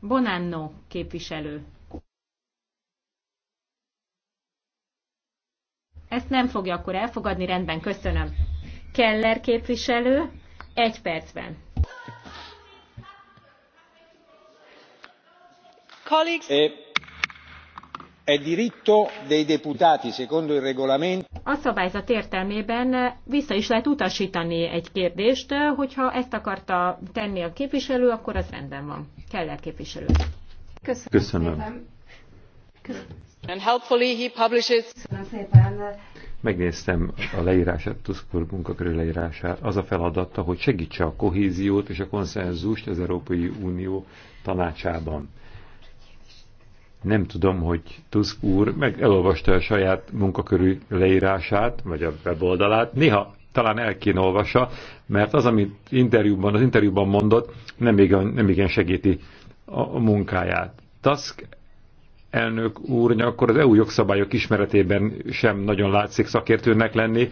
Bonanno képviselő. Ezt nem fogja akkor elfogadni, rendben, köszönöm. Keller képviselő, egy percben. Colleagues. Eh, a szabályzat értelmében vissza is lehet utasítani egy kérdést, hogyha ezt akarta tenni a képviselő, akkor az rendben van. Kell el képviselő. Köszönöm. Köszönöm. And helpfully he publishes... szépen. Megnéztem a leírását, Tuskor munkakörű leírását. Az a feladata, hogy segítse a kohéziót és a konszenzust az Európai Unió tanácsában nem tudom, hogy Tusk úr meg elolvasta a saját munkakörű leírását, vagy a weboldalát. Néha talán el kéne olvassa, mert az, amit interjúban, az interjúban mondott, nem igen, nem igen segíti a, a munkáját. Tusk elnök úr, akkor az EU jogszabályok ismeretében sem nagyon látszik szakértőnek lenni,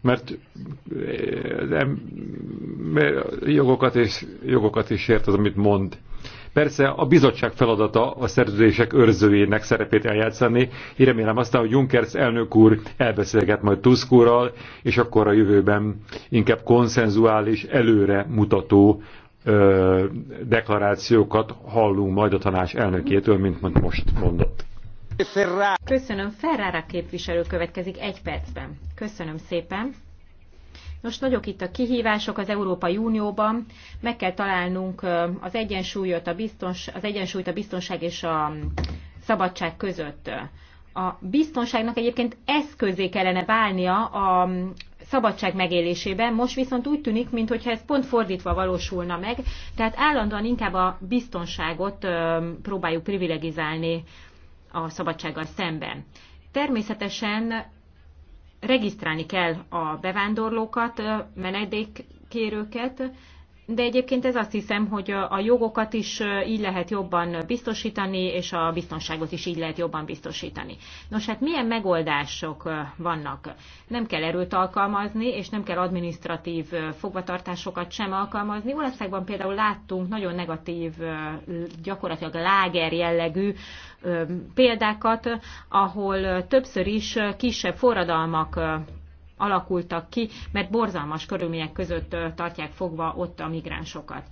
mert nem, eh, jogokat és, jogokat is ért az, amit mond. Persze a bizottság feladata a szerződések őrzőjének szerepét eljátszani. Én remélem aztán, hogy Junkers elnök úr elbeszélget majd Tusk úrral, és akkor a jövőben inkább konszenzuális, előre mutató ö, deklarációkat hallunk majd a tanács elnökétől, mint most mondott. Köszönöm, Ferrara képviselő következik egy percben. Köszönöm szépen. Nos, nagyok itt a kihívások az Európai Unióban, meg kell találnunk az egyensúlyot, a biztons, az egyensúlyt a biztonság és a szabadság között. A biztonságnak egyébként eszközé kellene válnia a szabadság megélésében, most viszont úgy tűnik, mintha ez pont fordítva valósulna meg, tehát állandóan inkább a biztonságot próbáljuk privilegizálni a szabadsággal szemben. Természetesen regisztrálni kell a bevándorlókat, menedékkérőket, de egyébként ez azt hiszem, hogy a jogokat is így lehet jobban biztosítani, és a biztonságot is így lehet jobban biztosítani. Nos, hát milyen megoldások vannak? Nem kell erőt alkalmazni, és nem kell administratív fogvatartásokat sem alkalmazni. Olaszországban például láttunk nagyon negatív, gyakorlatilag láger jellegű példákat, ahol többször is kisebb forradalmak alakultak ki, mert borzalmas körülmények között tartják fogva ott a migránsokat.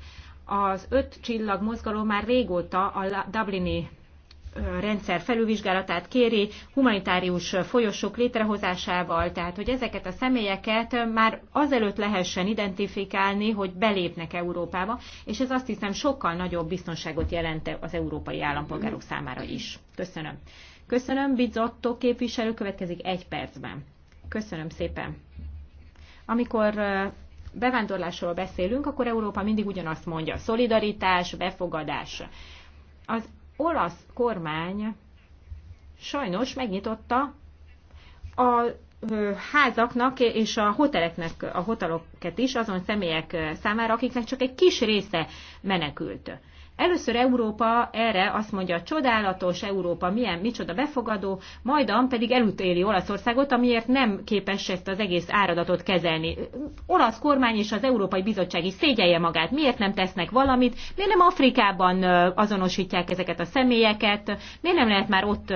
Az öt csillag mozgalom már régóta a Dublini rendszer felülvizsgálatát kéri humanitárius folyosók létrehozásával, tehát hogy ezeket a személyeket már azelőtt lehessen identifikálni, hogy belépnek Európába, és ez azt hiszem sokkal nagyobb biztonságot jelent az európai állampolgárok mhm. számára is. Köszönöm. Köszönöm, Bizotto képviselő következik egy percben. Köszönöm szépen. Amikor bevándorlásról beszélünk, akkor Európa mindig ugyanazt mondja. Szolidaritás, befogadás. Az olasz kormány sajnos megnyitotta a házaknak és a hoteleknek, a hoteloket is azon személyek számára, akiknek csak egy kis része menekült. Először Európa erre azt mondja, csodálatos Európa, milyen, micsoda befogadó, majdan pedig elutéli Olaszországot, amiért nem képes ezt az egész áradatot kezelni. Olasz kormány és az Európai Bizottság is szégyelje magát, miért nem tesznek valamit, miért nem Afrikában azonosítják ezeket a személyeket, miért nem lehet már ott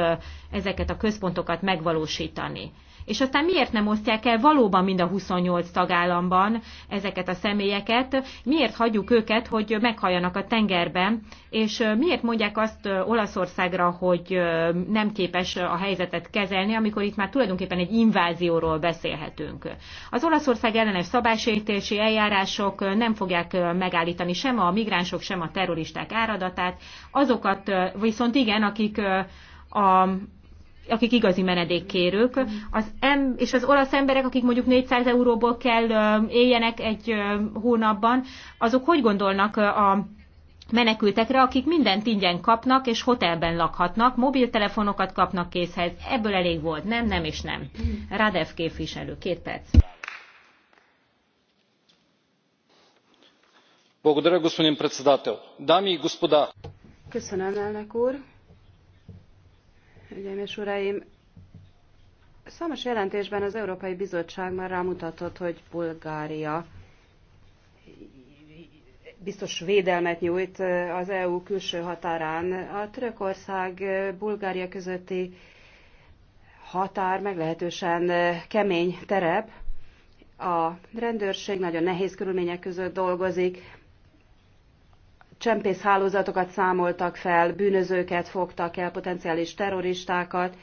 ezeket a központokat megvalósítani. És aztán miért nem osztják el valóban mind a 28 tagállamban ezeket a személyeket? Miért hagyjuk őket, hogy meghalljanak a tengerben? És miért mondják azt Olaszországra, hogy nem képes a helyzetet kezelni, amikor itt már tulajdonképpen egy invázióról beszélhetünk? Az Olaszország ellenes szabálysértési eljárások nem fogják megállítani sem a migránsok, sem a terroristák áradatát. Azokat viszont igen, akik a akik igazi menedékkérők, az em, és az olasz emberek, akik mondjuk 400 euróból kell éljenek egy hónapban, azok hogy gondolnak a menekültekre, akik mindent ingyen kapnak, és hotelben lakhatnak, mobiltelefonokat kapnak készhez. Ebből elég volt, nem, nem és nem. Radev képviselő, két perc. Köszönöm, elnök úr. Ügyeim és Uraim, számos jelentésben az Európai Bizottság már rámutatott, hogy Bulgária biztos védelmet nyújt eh, az EU külső határán. A Törökország eh, Bulgária közötti határ meglehetősen eh, kemény terep. A rendőrség nagyon nehéz körülmények között dolgozik, csempész hálózatokat számoltak fel, bűnözőket fogtak el, potenciális terroristákat,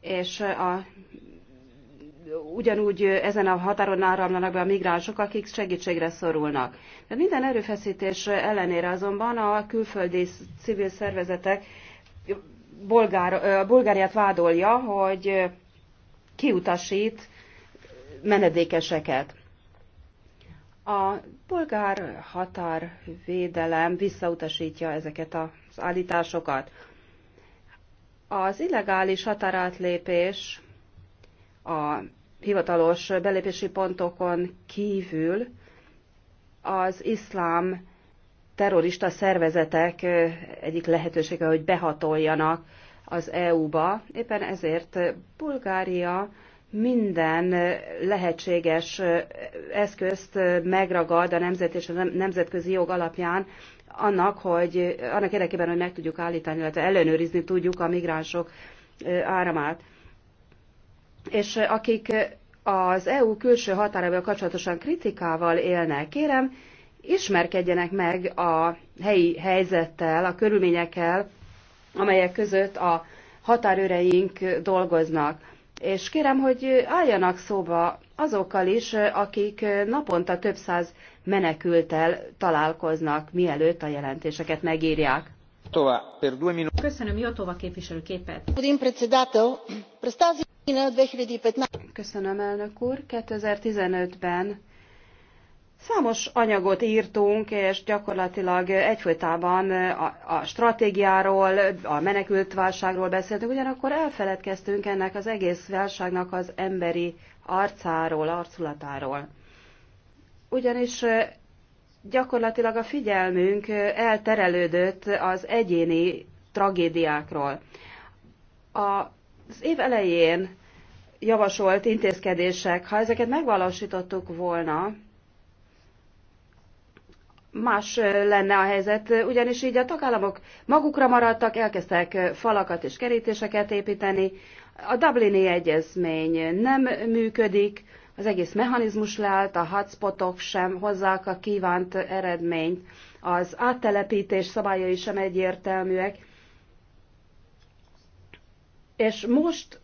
és a, ugyanúgy ezen a határon áramlanak be a migránsok, akik segítségre szorulnak. De minden erőfeszítés ellenére azonban a külföldi civil szervezetek Bulgár, Bulgáriát vádolja, hogy kiutasít menedékeseket. A polgár határvédelem visszautasítja ezeket az állításokat. Az illegális határátlépés a hivatalos belépési pontokon kívül az iszlám terrorista szervezetek egyik lehetősége, hogy behatoljanak az EU-ba. Éppen ezért Bulgária minden lehetséges eszközt megragad a nemzet és a nemzetközi jog alapján annak, hogy annak érdekében, hogy meg tudjuk állítani, illetve ellenőrizni tudjuk a migránsok áramát. És akik az EU külső határával kapcsolatosan kritikával élnek, kérem, ismerkedjenek meg a helyi helyzettel, a körülményekkel, amelyek között a határőreink dolgoznak és kérem, hogy álljanak szóba azokkal is, akik naponta több száz menekültel találkoznak, mielőtt a jelentéseket megírják. Köszönöm, Jotova képviselő képet. Köszönöm, elnök úr. 2015-ben Számos anyagot írtunk, és gyakorlatilag egyfolytában a, a stratégiáról, a menekültválságról beszéltünk, ugyanakkor elfeledkeztünk ennek az egész válságnak az emberi arcáról, arculatáról. Ugyanis gyakorlatilag a figyelmünk elterelődött az egyéni tragédiákról. Az év elején javasolt intézkedések, ha ezeket megvalósítottuk volna, más lenne a helyzet, ugyanis így a tagállamok magukra maradtak, elkezdtek falakat és kerítéseket építeni, a Dublini egyezmény nem működik, az egész mechanizmus leállt, a hotspotok sem hozzák a kívánt eredményt, az áttelepítés szabályai sem egyértelműek. És most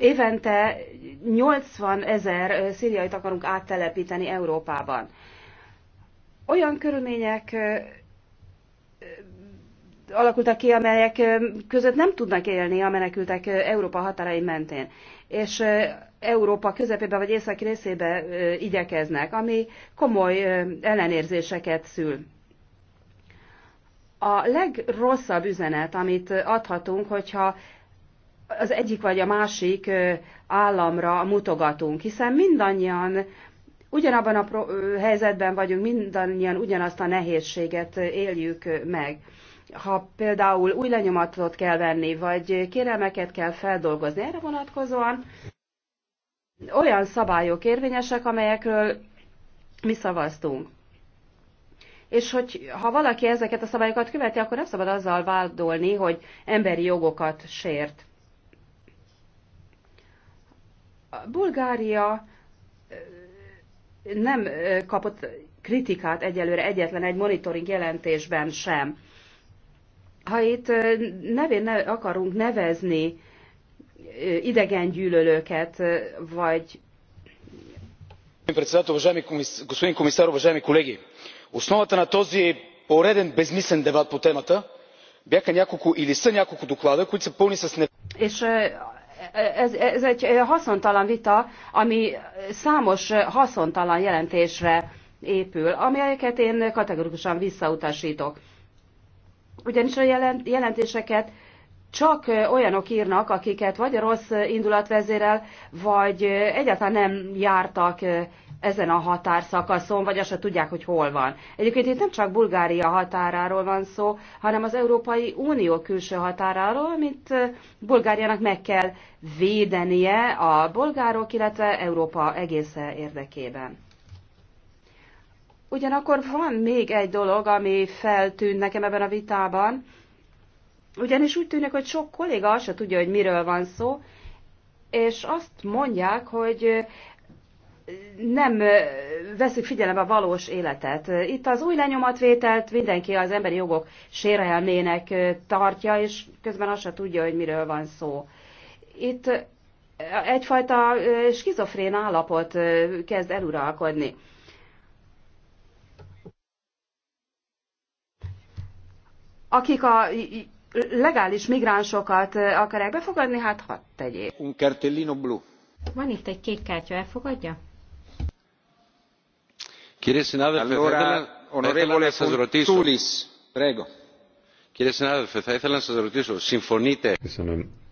Évente 80 ezer szíriait akarunk áttelepíteni Európában. Olyan körülmények alakultak ki, amelyek között nem tudnak élni a menekültek Európa határai mentén. És Európa közepébe vagy északi részébe igyekeznek, ami komoly ellenérzéseket szül. A legrosszabb üzenet, amit adhatunk, hogyha az egyik vagy a másik államra mutogatunk, hiszen mindannyian ugyanabban a helyzetben vagyunk, mindannyian ugyanazt a nehézséget éljük meg. Ha például új lenyomatot kell venni, vagy kérelmeket kell feldolgozni erre vonatkozóan, olyan szabályok érvényesek, amelyekről mi szavaztunk. És hogy ha valaki ezeket a szabályokat követi, akkor nem szabad azzal vádolni, hogy emberi jogokat sért. A Bulgária nem kapott kritikát egyelőre egyetlen egy monitoring jelentésben sem. Ha itt nevén ne akarunk nevezni idegengyűlölőket, vagy господин комисар уважаеми колеги! основата на този пореден безсмислен дебат по темата бяха няколко или са няколко доклада които са пълни с ez, ez egy haszontalan vita, ami számos haszontalan jelentésre épül, amelyeket én kategorikusan visszautasítok. Ugyanis a jelentéseket csak olyanok írnak, akiket vagy a rossz indulat vezérel, vagy egyáltalán nem jártak ezen a határszakaszon, vagy azt se tudják, hogy hol van. Egyébként itt nem csak Bulgária határáról van szó, hanem az Európai Unió külső határáról, amit Bulgáriának meg kell védenie a bolgárok, illetve Európa egész érdekében. Ugyanakkor van még egy dolog, ami feltűnt nekem ebben a vitában, ugyanis úgy tűnik, hogy sok kolléga azt se tudja, hogy miről van szó, és azt mondják, hogy nem veszik figyelembe a valós életet. Itt az új lenyomatvételt mindenki az emberi jogok sérelmének tartja, és közben azt se tudja, hogy miről van szó. Itt egyfajta skizofrén állapot kezd eluralkodni. Akik a legális migránsokat akarják befogadni, hát hadd tegyék. Un cartellino blu. Van itt egy kék kártya, elfogadja?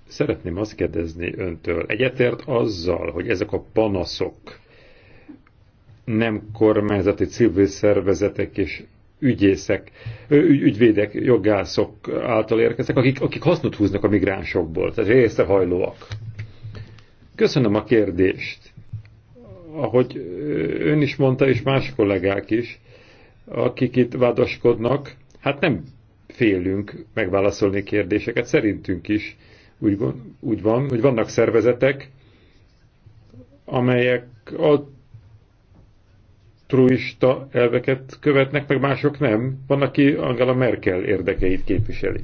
Szeretném azt kérdezni öntől, egyetért azzal, hogy ezek a panaszok nem kormányzati civil szervezetek és ügyészek, ügy, ügyvédek, jogászok által érkeznek, akik, akik hasznot húznak a migránsokból, tehát részrehajlóak. Köszönöm a kérdést ahogy ön is mondta, és más kollégák is, akik itt vádaskodnak, hát nem félünk megválaszolni kérdéseket, szerintünk is úgy, úgy van, hogy vannak szervezetek, amelyek a truista elveket követnek, meg mások nem. Van, aki Angela Merkel érdekeit képviseli.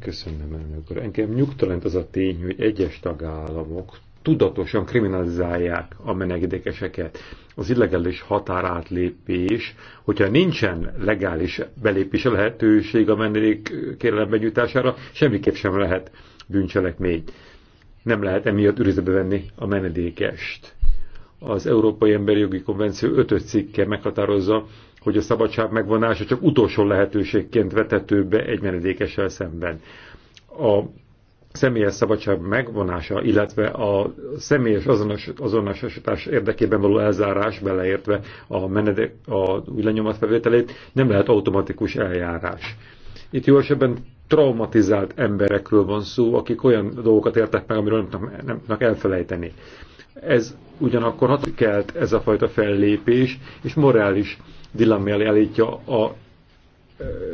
Köszönöm, elnök úr. Engem nyugtalant az a tény, hogy egyes tagállamok tudatosan kriminalizálják a menedékeseket. Az illegális határátlépés, hogyha nincsen legális belépési lehetőség a menedék kérelem benyújtására, semmiképp sem lehet bűncselekmény. Nem lehet emiatt őrizetbe venni a menedékest. Az Európai Emberi Jogi Konvenció 5. cikke meghatározza, hogy a szabadság megvonása csak utolsó lehetőségként vetető be egy menedékessel szemben. A személyes szabadság megvonása, illetve a személyes azonosítás érdekében való elzárás, beleértve a, menedek, a új lenyomatfelvételét, nem lehet automatikus eljárás. Itt jó esetben traumatizált emberekről van szó, akik olyan dolgokat értek meg, amiről nem tudnak, nem tudnak elfelejteni. Ez ugyanakkor hat ez a fajta fellépés, és morális dilemmel elítja a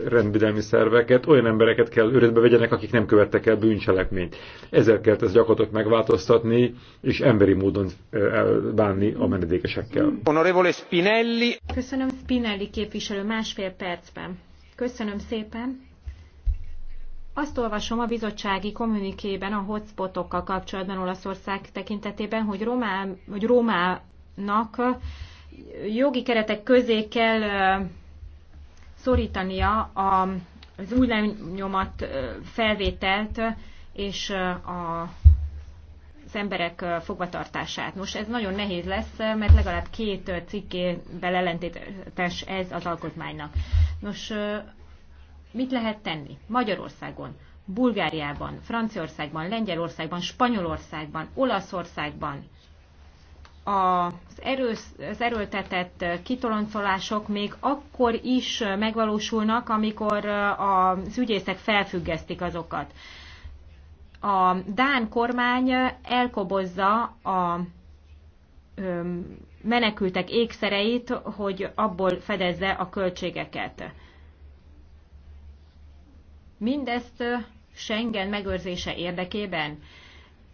rendvidelmi szerveket, olyan embereket kell őrizbe vegyenek, akik nem követtek el bűncselekményt. Ezért kell ezt gyakorlatot megváltoztatni, és emberi módon bánni a menedékesekkel. Honorevole Spinelli. Köszönöm Spinelli képviselő másfél percben. Köszönöm szépen. Azt olvasom a bizottsági kommunikében a hotspotokkal kapcsolatban Olaszország tekintetében, hogy, Romá, hogy Rómának jogi keretek közé kell szorítania az új lenyomat felvételt és a az emberek fogvatartását. Most ez nagyon nehéz lesz, mert legalább két cikkével ellentétes ez az alkotmánynak. Nos, mit lehet tenni? Magyarországon, Bulgáriában, Franciaországban, Lengyelországban, Spanyolországban, Olaszországban, az, erős az erőltetett kitoloncolások még akkor is megvalósulnak, amikor az ügyészek felfüggesztik azokat. A Dán kormány elkobozza a menekültek ékszereit, hogy abból fedezze a költségeket. Mindezt Schengen megőrzése érdekében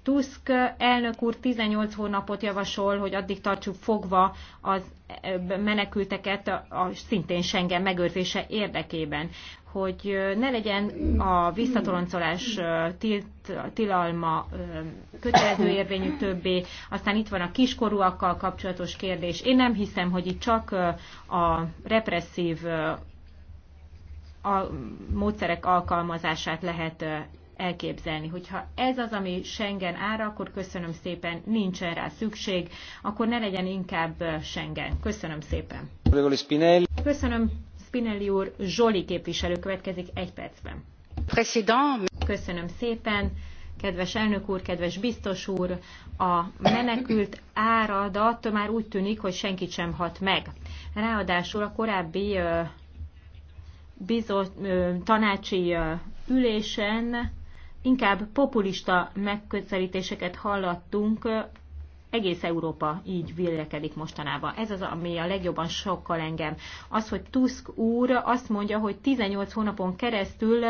Tusk elnök úr 18 hónapot javasol, hogy addig tartsuk fogva az e, menekülteket a szintén Schengen megőrzése érdekében, hogy ne legyen a visszatoloncolás tilt, tilalma kötelező érvényű többé. Aztán itt van a kiskorúakkal kapcsolatos kérdés. Én nem hiszem, hogy itt csak a represszív a módszerek alkalmazását lehet elképzelni. Hogyha ez az, ami Schengen ára, akkor köszönöm szépen, nincsen rá szükség, akkor ne legyen inkább Schengen. Köszönöm szépen. Köszönöm, Spinelli úr. Zsoli képviselő következik egy percben. Köszönöm szépen kedves elnök úr, kedves biztos úr, a menekült áradat már úgy tűnik, hogy senkit sem hat meg. Ráadásul a korábbi bizot, tanácsi ülésen inkább populista megközelítéseket hallattunk, egész Európa így vélekedik mostanában. Ez az, ami a legjobban sokkal engem. Az, hogy Tusk úr azt mondja, hogy 18 hónapon keresztül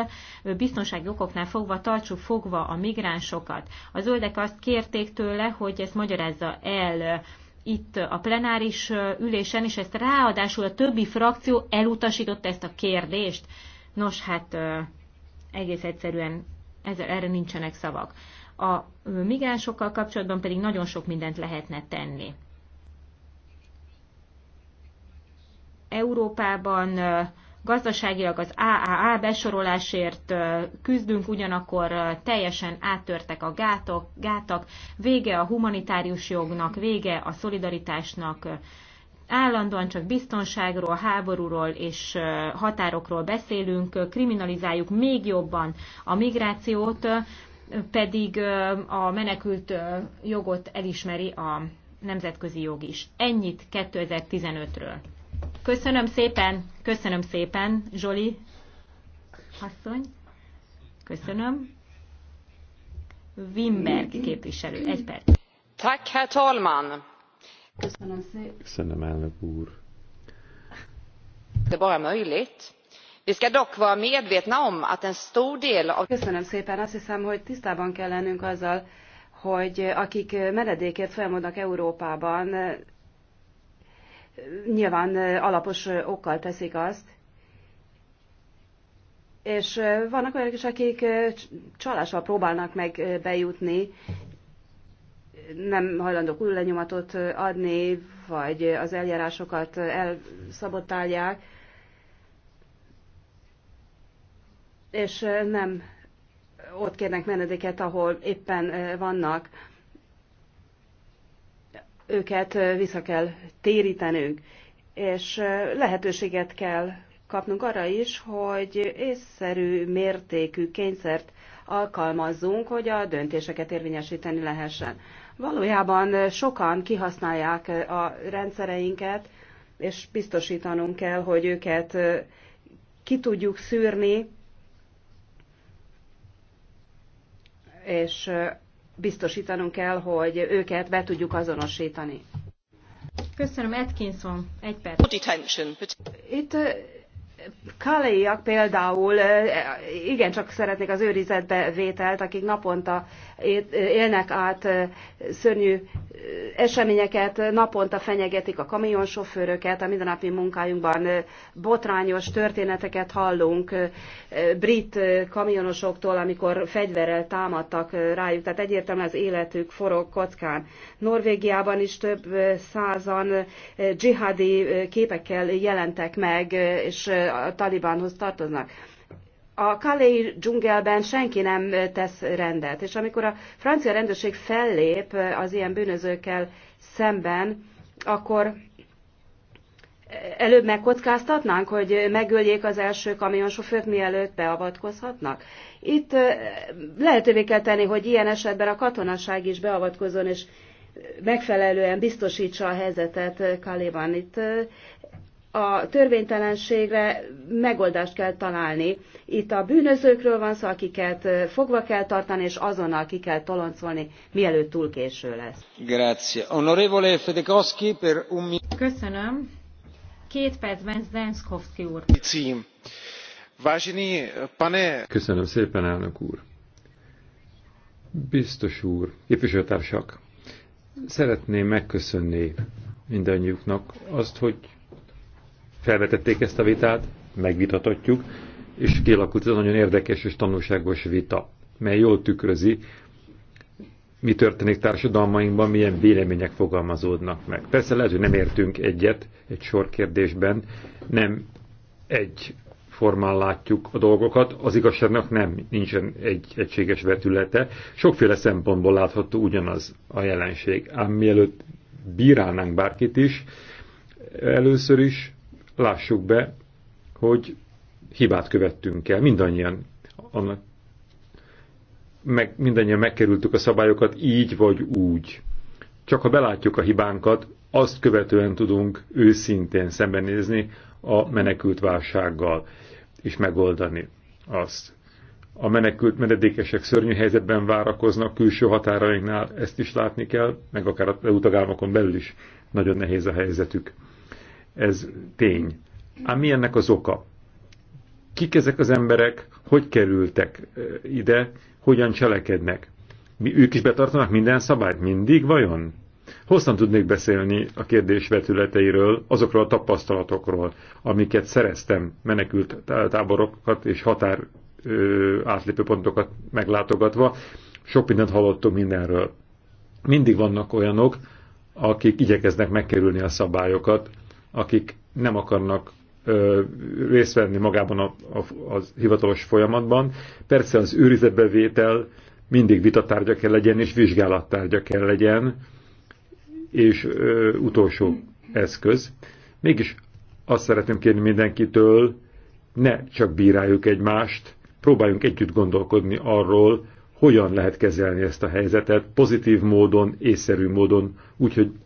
biztonsági okoknál fogva tartsuk fogva a migránsokat. A zöldek azt kérték tőle, hogy ezt magyarázza el itt a plenáris ülésen, és ezt ráadásul a többi frakció elutasította ezt a kérdést. Nos, hát egész egyszerűen ezzel erre nincsenek szavak. A migránsokkal kapcsolatban pedig nagyon sok mindent lehetne tenni. Európában gazdaságilag az AAA besorolásért küzdünk, ugyanakkor teljesen áttörtek a gátok, gátak, vége a humanitárius jognak, vége a szolidaritásnak, állandóan csak biztonságról, háborúról és határokról beszélünk, kriminalizáljuk még jobban a migrációt, pedig a menekült jogot elismeri a nemzetközi jog is. Ennyit 2015-ről. Köszönöm szépen, köszönöm szépen, Zsoli asszony. Köszönöm. Wimberg képviselő, egy perc. Tack, herr talman. Köszönöm szépen. Köszönöm, elnök úr. De bara möjligt. Vi ska dock vara medvetna om att en stor del av... Köszönöm szépen. Azt hiszem, hogy tisztában kell lennünk azzal, hogy akik menedékért folyamodnak Európában, nyilván alapos okkal teszik azt, és vannak olyanok is, akik csalással próbálnak meg bejutni nem hajlandók új lenyomatot adni, vagy az eljárásokat elszabotálják, és nem ott kérnek menedéket, ahol éppen vannak. Őket vissza kell térítenünk, és lehetőséget kell kapnunk arra is, hogy észszerű mértékű kényszert alkalmazzunk, hogy a döntéseket érvényesíteni lehessen. Valójában sokan kihasználják a rendszereinket, és biztosítanunk kell, hogy őket ki tudjuk szűrni, és biztosítanunk kell, hogy őket be tudjuk azonosítani. Köszönöm, Atkinson, egy perc. Itt kaléiak például igen, csak szeretnék az őrizetbe vételt, akik naponta élnek át szörnyű eseményeket, naponta fenyegetik a kamionsofőröket, a mindennapi munkájunkban botrányos történeteket hallunk brit kamionosoktól, amikor fegyverrel támadtak rájuk, tehát egyértelműen az életük forog kockán. Norvégiában is több százan dzsihadi képekkel jelentek meg, és a talibánhoz tartoznak a Calais dzsungelben senki nem tesz rendet, és amikor a francia rendőrség fellép eh, az ilyen bűnözőkkel szemben, akkor eh, előbb megkockáztatnánk, hogy megöljék az első kamionsofőrt, mielőtt beavatkozhatnak? Itt eh, lehetővé kell tenni, hogy ilyen esetben a katonaság is beavatkozon, és megfelelően biztosítsa a helyzetet Kaléban. Itt a törvénytelenségre megoldást kell találni. Itt a bűnözőkről van szó, akiket fogva kell tartani, és azonnal ki kell toloncolni, mielőtt túl késő lesz. Köszönöm. Két percben Zdenszkowski úr. Cím. pane... Köszönöm szépen, elnök úr. Biztos úr, képviselőtársak, szeretném megköszönni mindannyiuknak azt, hogy felvetették ezt a vitát, megvitatottjuk, és kialakult ez nagyon érdekes és tanulságos vita, mely jól tükrözi, mi történik társadalmainkban, milyen vélemények fogalmazódnak meg. Persze lehet, hogy nem értünk egyet egy sor kérdésben, nem egy formán látjuk a dolgokat, az igazságnak nem, nincsen egy egységes vetülete. Sokféle szempontból látható ugyanaz a jelenség. Ám mielőtt bírálnánk bárkit is, először is lássuk be, hogy hibát követtünk el, mindannyian. Annak meg, mindannyian megkerültük a szabályokat így vagy úgy. Csak ha belátjuk a hibánkat, azt követően tudunk őszintén szembenézni a menekült válsággal, és megoldani azt. A menekült menedékesek szörnyű helyzetben várakoznak külső határainknál, ezt is látni kell, meg akár a utagálmakon belül is nagyon nehéz a helyzetük. Ez tény. Ám mi ennek az oka? Kik ezek az emberek, hogy kerültek ide, hogyan cselekednek? Mi, ők is betartanak minden szabályt mindig, vajon? Hosszan tudnék beszélni a kérdés vetületeiről, azokról a tapasztalatokról, amiket szereztem menekült táborokat és határ ö, átlépő pontokat meglátogatva. Sok mindent hallottunk mindenről. Mindig vannak olyanok, akik igyekeznek megkerülni a szabályokat, akik nem akarnak ö, részt venni magában a, a, az hivatalos folyamatban. Persze az őrizetbevétel mindig vitatárgya kell legyen, és vizsgálattárgya kell legyen, és ö, utolsó eszköz. Mégis azt szeretném kérni mindenkitől, ne csak bíráljuk egymást, próbáljunk együtt gondolkodni arról, hogyan lehet kezelni ezt a helyzetet pozitív módon, észszerű módon, úgyhogy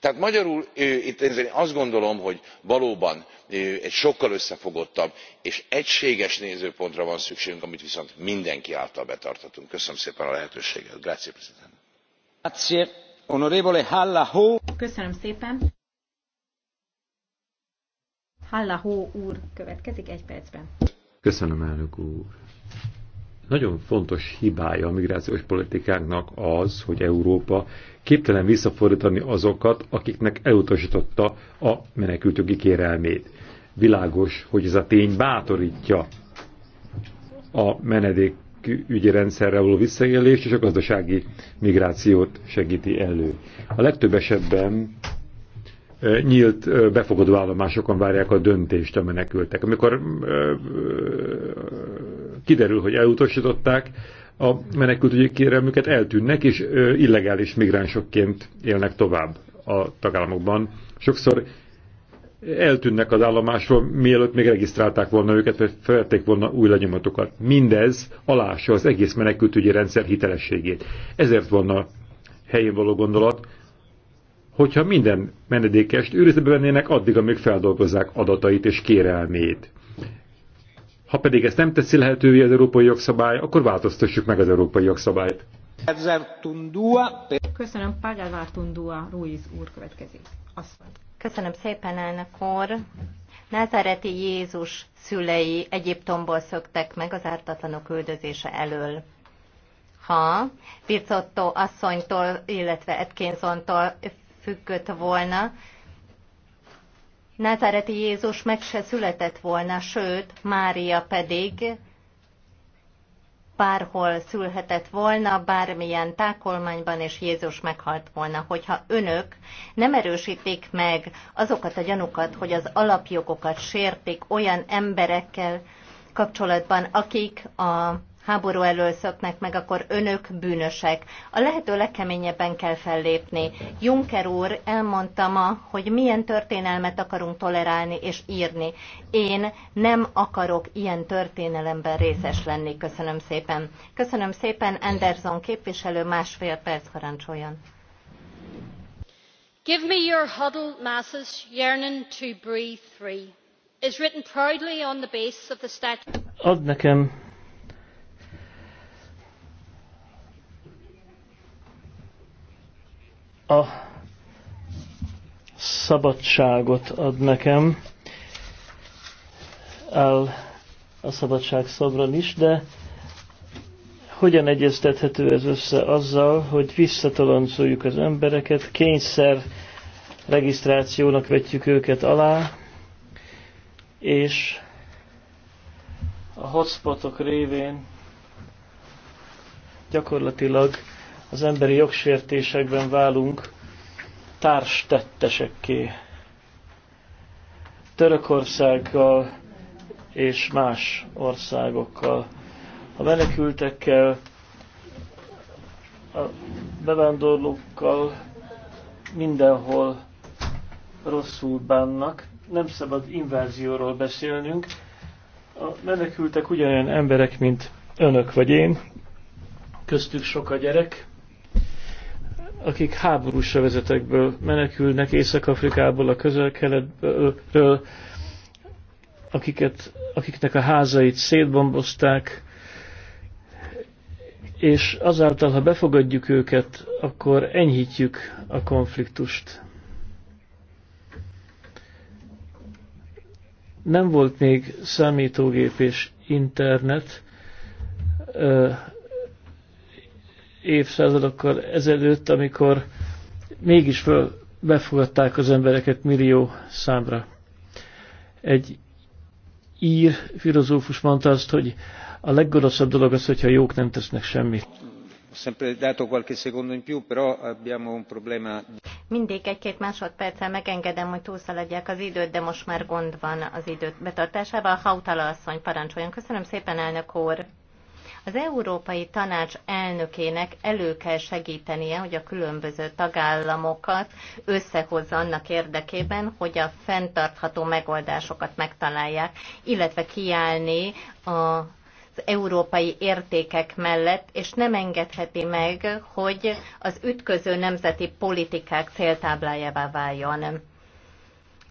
tehát magyarul itt én azt gondolom hogy valóban egy sokkal összefogottabb és egységes nézőpontra van szükségünk amit viszont mindenki által betartatunk. köszönöm szépen a lehetőséget. köszönöm szépen. úr következik egy percben. Köszönöm, úr. Nagyon fontos hibája a migrációs politikánknak az, hogy Európa képtelen visszafordítani azokat, akiknek elutasította a menekültögi kérelmét. Világos, hogy ez a tény bátorítja a menedék ügyi rendszerre való visszaélést és a gazdasági migrációt segíti elő. A legtöbb esetben nyílt befogadó állomásokon várják a döntést a menekültek. Amikor kiderül, hogy elutasították a menekültügyi kérelmüket, eltűnnek és illegális migránsokként élnek tovább a tagállamokban. Sokszor eltűnnek az állomásról, mielőtt még regisztrálták volna őket, vagy felették volna új lenyomatokat. Mindez alása az egész menekültügyi rendszer hitelességét. Ezért volna helyén való gondolat, hogyha minden menedékest őrizetbe vennének addig, amíg feldolgozzák adatait és kérelmét. Ha pedig ezt nem teszi lehetővé az európai jogszabály, akkor változtassuk meg az európai jogszabályt. Köszönöm, Pagávár Tundua Ruiz úr következik. Asszony. Köszönöm szépen, elnök úr. Názáreti Jézus szülei Egyiptomból szöktek meg az ártatlanok üldözése elől ha Pizzotto asszonytól, illetve Atkinsontól függött volna, Názáreti Jézus meg se született volna, sőt, Mária pedig bárhol szülhetett volna, bármilyen tákolmányban, és Jézus meghalt volna. Hogyha önök nem erősítik meg azokat a gyanukat, hogy az alapjogokat sértik olyan emberekkel kapcsolatban, akik a háború elől szöknek meg, akkor önök bűnösek. A lehető legkeményebben kell fellépni. Juncker úr elmondta ma, hogy milyen történelmet akarunk tolerálni és írni. Én nem akarok ilyen történelemben részes lenni. Köszönöm szépen. Köszönöm szépen, Anderson képviselő, másfél perc harancsoljon. Give me your huddled masses yearning to breathe free is written proudly on the base of the statue. Ad nekem a szabadságot ad nekem, áll a szabadság szobron is, de hogyan egyeztethető ez össze azzal, hogy visszatoloncoljuk az embereket, kényszer regisztrációnak vetjük őket alá, és a hotspotok révén gyakorlatilag az emberi jogsértésekben válunk társtettesekké. Törökországgal és más országokkal, a menekültekkel, a bevándorlókkal mindenhol rosszul bánnak. Nem szabad invázióról beszélnünk. A menekültek ugyanolyan emberek, mint önök vagy én, köztük sok a gyerek, akik háborús övezetekből menekülnek Észak-Afrikából, a közel-keletről, akiket, akiknek a házait szétbombozták, és azáltal, ha befogadjuk őket, akkor enyhítjük a konfliktust. Nem volt még számítógép és internet, évszázadokkal ezelőtt, amikor mégis föl befogadták az embereket millió számra. Egy ír filozófus mondta azt, hogy a leggorosabb dolog az, hogyha jók nem tesznek semmit. Mindig egy-két másodperccel megengedem, hogy túlszaladják az időt, de most már gond van az időt betartásával. Hautala asszony, parancsoljon. Köszönöm szépen, elnök úr. Az Európai Tanács elnökének elő kell segítenie, hogy a különböző tagállamokat összehozza annak érdekében, hogy a fenntartható megoldásokat megtalálják, illetve kiállni a az európai értékek mellett, és nem engedheti meg, hogy az ütköző nemzeti politikák céltáblájává váljon.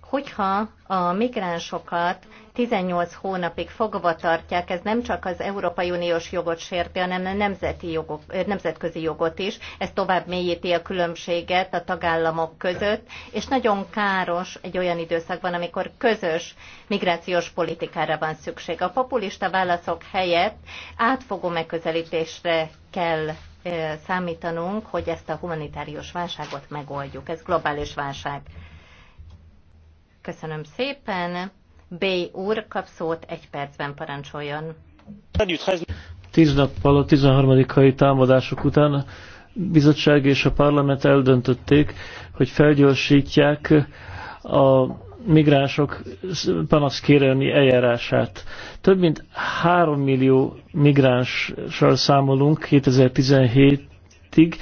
Hogyha a migránsokat 18 hónapig fogva tartják, ez nem csak az Európai Uniós jogot sérti, hanem a nemzeti jogok, nemzetközi jogot is. Ez tovább mélyíti a különbséget a tagállamok között, és nagyon káros egy olyan időszakban, amikor közös migrációs politikára van szükség. A populista válaszok helyett átfogó megközelítésre kell számítanunk, hogy ezt a humanitárius válságot megoldjuk. Ez globális válság. Köszönöm szépen. B. úr kap szót egy percben parancsoljon. Tíz nappal a 13. hai támadások után a bizottság és a parlament eldöntötték, hogy felgyorsítják a migránsok panaszkérelmi eljárását. Több mint 3 millió migránssal számolunk 2017-ig,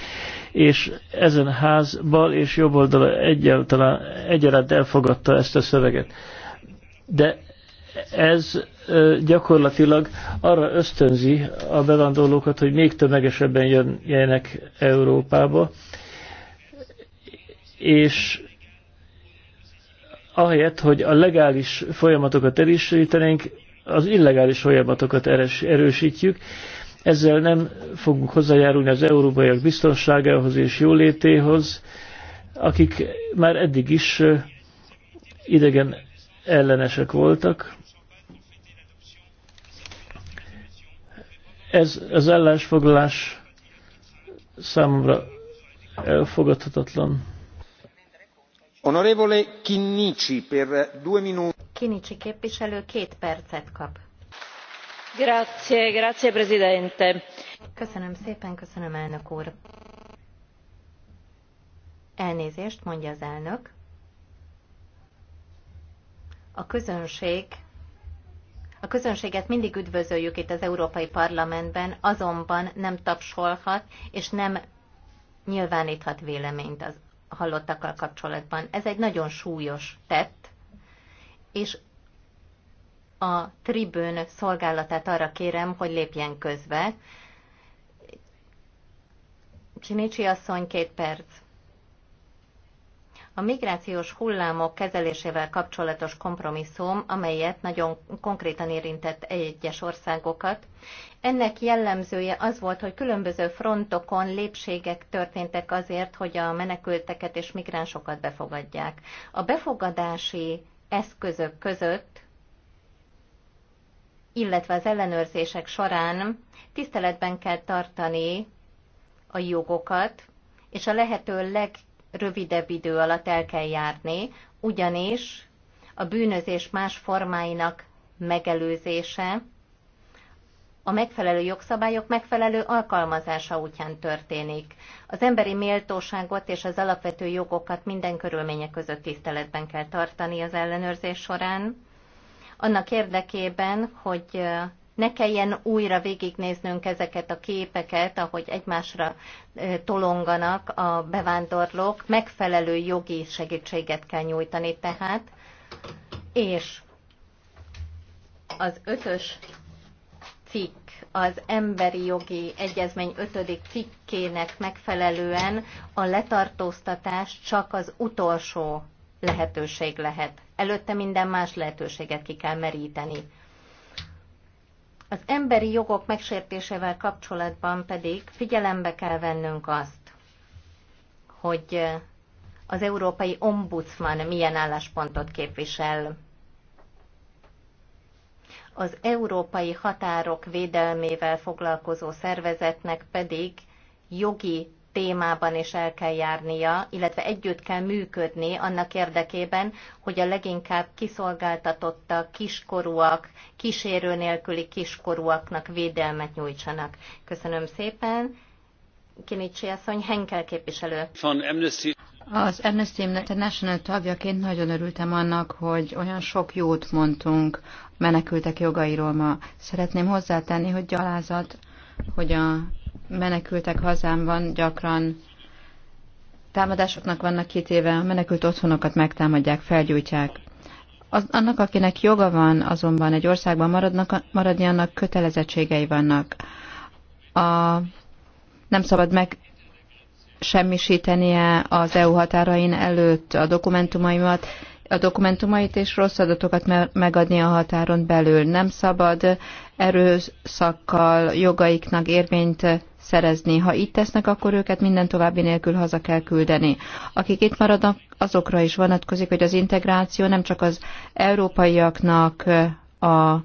és ezen ház bal és jobb oldala egyáltalán egyaránt elfogadta ezt a szöveget de ez gyakorlatilag arra ösztönzi a bevándorlókat, hogy még tömegesebben jönjenek Európába, és ahelyett, hogy a legális folyamatokat erősítenénk, az illegális folyamatokat erősítjük. Ezzel nem fogunk hozzájárulni az európaiak biztonságához és jólétéhoz, akik már eddig is idegen ellenesek voltak. Ez az ellensfoglalás számomra elfogadhatatlan. Honorevole Kinnici per due minuti. Kinnici képviselő két percet kap. Grazie, grazie presidente. Köszönöm szépen, köszönöm elnök úr. Elnézést, mondja az elnök a közönség a közönséget mindig üdvözöljük itt az Európai Parlamentben, azonban nem tapsolhat és nem nyilváníthat véleményt az hallottakkal kapcsolatban. Ez egy nagyon súlyos tett, és a tribűn szolgálatát arra kérem, hogy lépjen közbe. Csinicsi asszony, két perc a migrációs hullámok kezelésével kapcsolatos kompromisszum, amelyet nagyon konkrétan érintett egyes országokat. Ennek jellemzője az volt, hogy különböző frontokon lépségek történtek azért, hogy a menekülteket és migránsokat befogadják. A befogadási eszközök között illetve az ellenőrzések során tiszteletben kell tartani a jogokat, és a lehető leg rövidebb idő alatt el kell járni, ugyanis a bűnözés más formáinak megelőzése a megfelelő jogszabályok megfelelő alkalmazása útján történik. Az emberi méltóságot és az alapvető jogokat minden körülmények között tiszteletben kell tartani az ellenőrzés során, annak érdekében, hogy ne kelljen újra végignéznünk ezeket a képeket, ahogy egymásra tolonganak a bevándorlók, megfelelő jogi segítséget kell nyújtani tehát, és az ötös cikk, az emberi jogi egyezmény ötödik cikkének megfelelően a letartóztatás csak az utolsó lehetőség lehet. Előtte minden más lehetőséget ki kell meríteni. Az emberi jogok megsértésével kapcsolatban pedig figyelembe kell vennünk azt, hogy az Európai Ombudsman milyen álláspontot képvisel. Az európai határok védelmével foglalkozó szervezetnek pedig jogi témában is el kell járnia, illetve együtt kell működni annak érdekében, hogy a leginkább kiszolgáltatottak, kiskorúak, kísérő nélküli kiskorúaknak védelmet nyújtsanak. Köszönöm szépen. Kinicsi asszony, Henkel képviselő. Az Amnesty International tagjaként nagyon örültem annak, hogy olyan sok jót mondtunk menekültek jogairól ma. Szeretném hozzátenni, hogy gyalázat, hogy a menekültek hazámban gyakran támadásoknak vannak kitéve, a menekült otthonokat megtámadják, felgyújtják. Az, annak, akinek joga van azonban egy országban maradnak, maradni, annak kötelezettségei vannak. A, nem szabad meg semmisítenie az EU határain előtt a dokumentumaimat, a dokumentumait és rossz adatokat megadni a határon belül. Nem szabad erőszakkal jogaiknak érvényt szerezni. Ha itt tesznek, akkor őket minden további nélkül haza kell küldeni. Akik itt maradnak, azokra is vonatkozik, hogy az integráció nem csak az európaiaknak a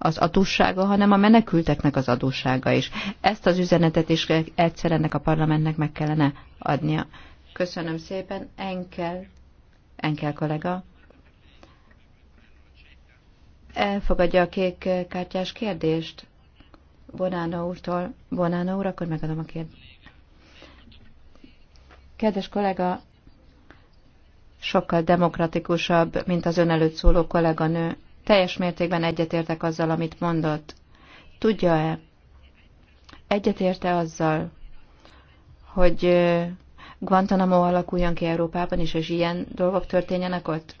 az adóssága, hanem a menekülteknek az adóssága is. Ezt az üzenetet is egyszer ennek a parlamentnek meg kellene adnia. Köszönöm szépen, Enkel, Enkel kollega. Elfogadja a kék kártyás kérdést? Bonána úrtól. Bonána úr, akkor megadom a kérdést. Kedves kollega, sokkal demokratikusabb, mint az ön előtt szóló kolléganő. Teljes mértékben egyetértek azzal, amit mondott. Tudja-e? Egyetérte azzal, hogy Guantanamo alakuljon ki Európában is, és ilyen dolgok történjenek ott?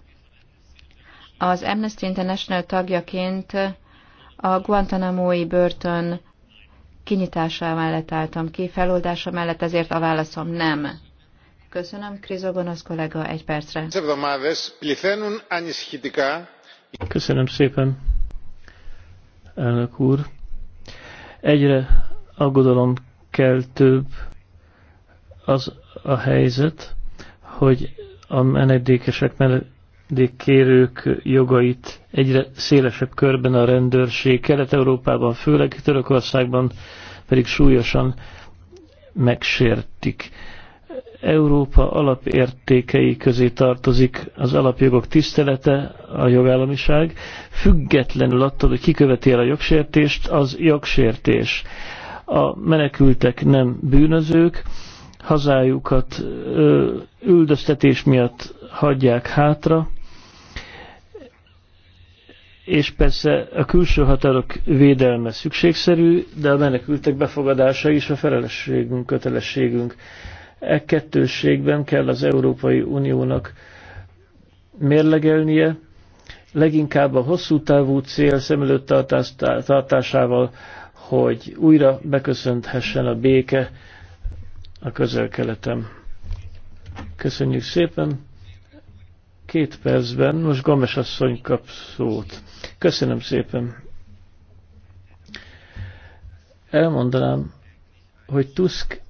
Az Amnesty International tagjaként a Guantanamo-i börtön kinyitása mellett álltam ki, feloldása mellett, ezért a válaszom nem. Köszönöm, Krizogonosz kollega, egy percre. Köszönöm szépen, elnök úr. Egyre aggodalom kell több az a helyzet, hogy a menedékesek kérők jogait egyre szélesebb körben a rendőrség, Kelet-Európában, főleg Törökországban pedig súlyosan megsértik. Európa alapértékei közé tartozik az alapjogok tisztelete, a jogállamiság, függetlenül attól, hogy kiköveti el a jogsértést, az jogsértés. A menekültek nem bűnözők, hazájukat üldöztetés miatt hagyják hátra, és persze a külső határok védelme szükségszerű, de a menekültek befogadása is a felelősségünk, kötelességünk. E kettősségben kell az Európai Uniónak mérlegelnie, leginkább a hosszú távú cél szem előtt tartásával, hogy újra beköszönthessen a béke a közel-keleten. Köszönjük szépen! Két percben, most Gomes asszony kap szót. Köszönöm szépen. Elmondanám, hogy Tusk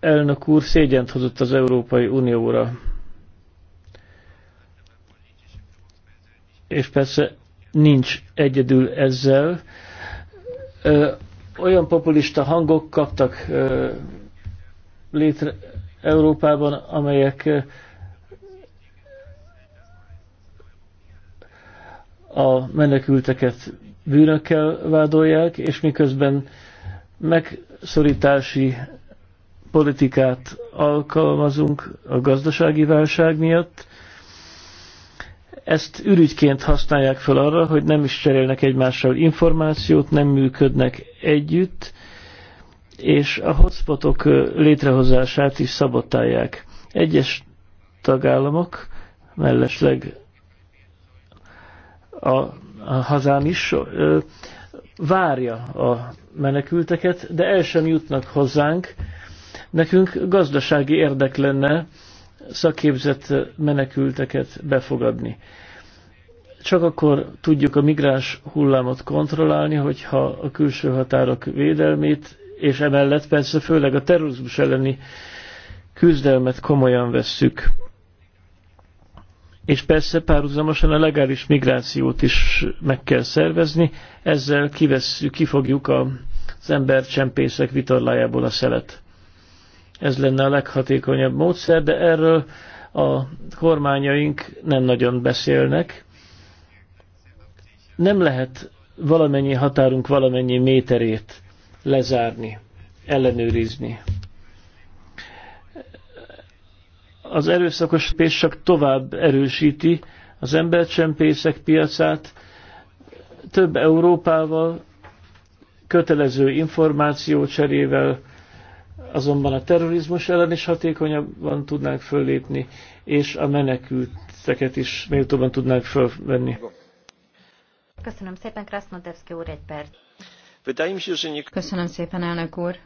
elnök úr szégyent hozott az Európai Unióra. És persze nincs egyedül ezzel. Ö, olyan populista hangok kaptak ö, létre Európában, amelyek a menekülteket bűnökkel vádolják, és miközben megszorítási politikát alkalmazunk a gazdasági válság miatt, ezt ürügyként használják fel arra, hogy nem is cserélnek egymással információt, nem működnek együtt, és a hotspotok létrehozását is szabotálják. Egyes tagállamok mellesleg a, a hazám is várja a menekülteket, de el sem jutnak hozzánk. Nekünk gazdasági érdek lenne szakképzett menekülteket befogadni. Csak akkor tudjuk a migráns hullámot kontrollálni, hogyha a külső határok védelmét, és emellett persze főleg a terrorizmus elleni küzdelmet komolyan vesszük és persze párhuzamosan a legális migrációt is meg kell szervezni, ezzel kivesszük, kifogjuk a, az embercsempészek vitorlájából a szelet. Ez lenne a leghatékonyabb módszer, de erről a kormányaink nem nagyon beszélnek. Nem lehet valamennyi határunk valamennyi méterét lezárni, ellenőrizni. az erőszakos pénz csak tovább erősíti az embercsempészek piacát, több Európával, kötelező cserével, azonban a terrorizmus ellen is hatékonyabban tudnánk föllépni, és a menekülteket is méltóban tudnánk fölvenni. Köszönöm szépen, Krasznodevszki úr, egy perc. Köszönöm szépen, elnök úr.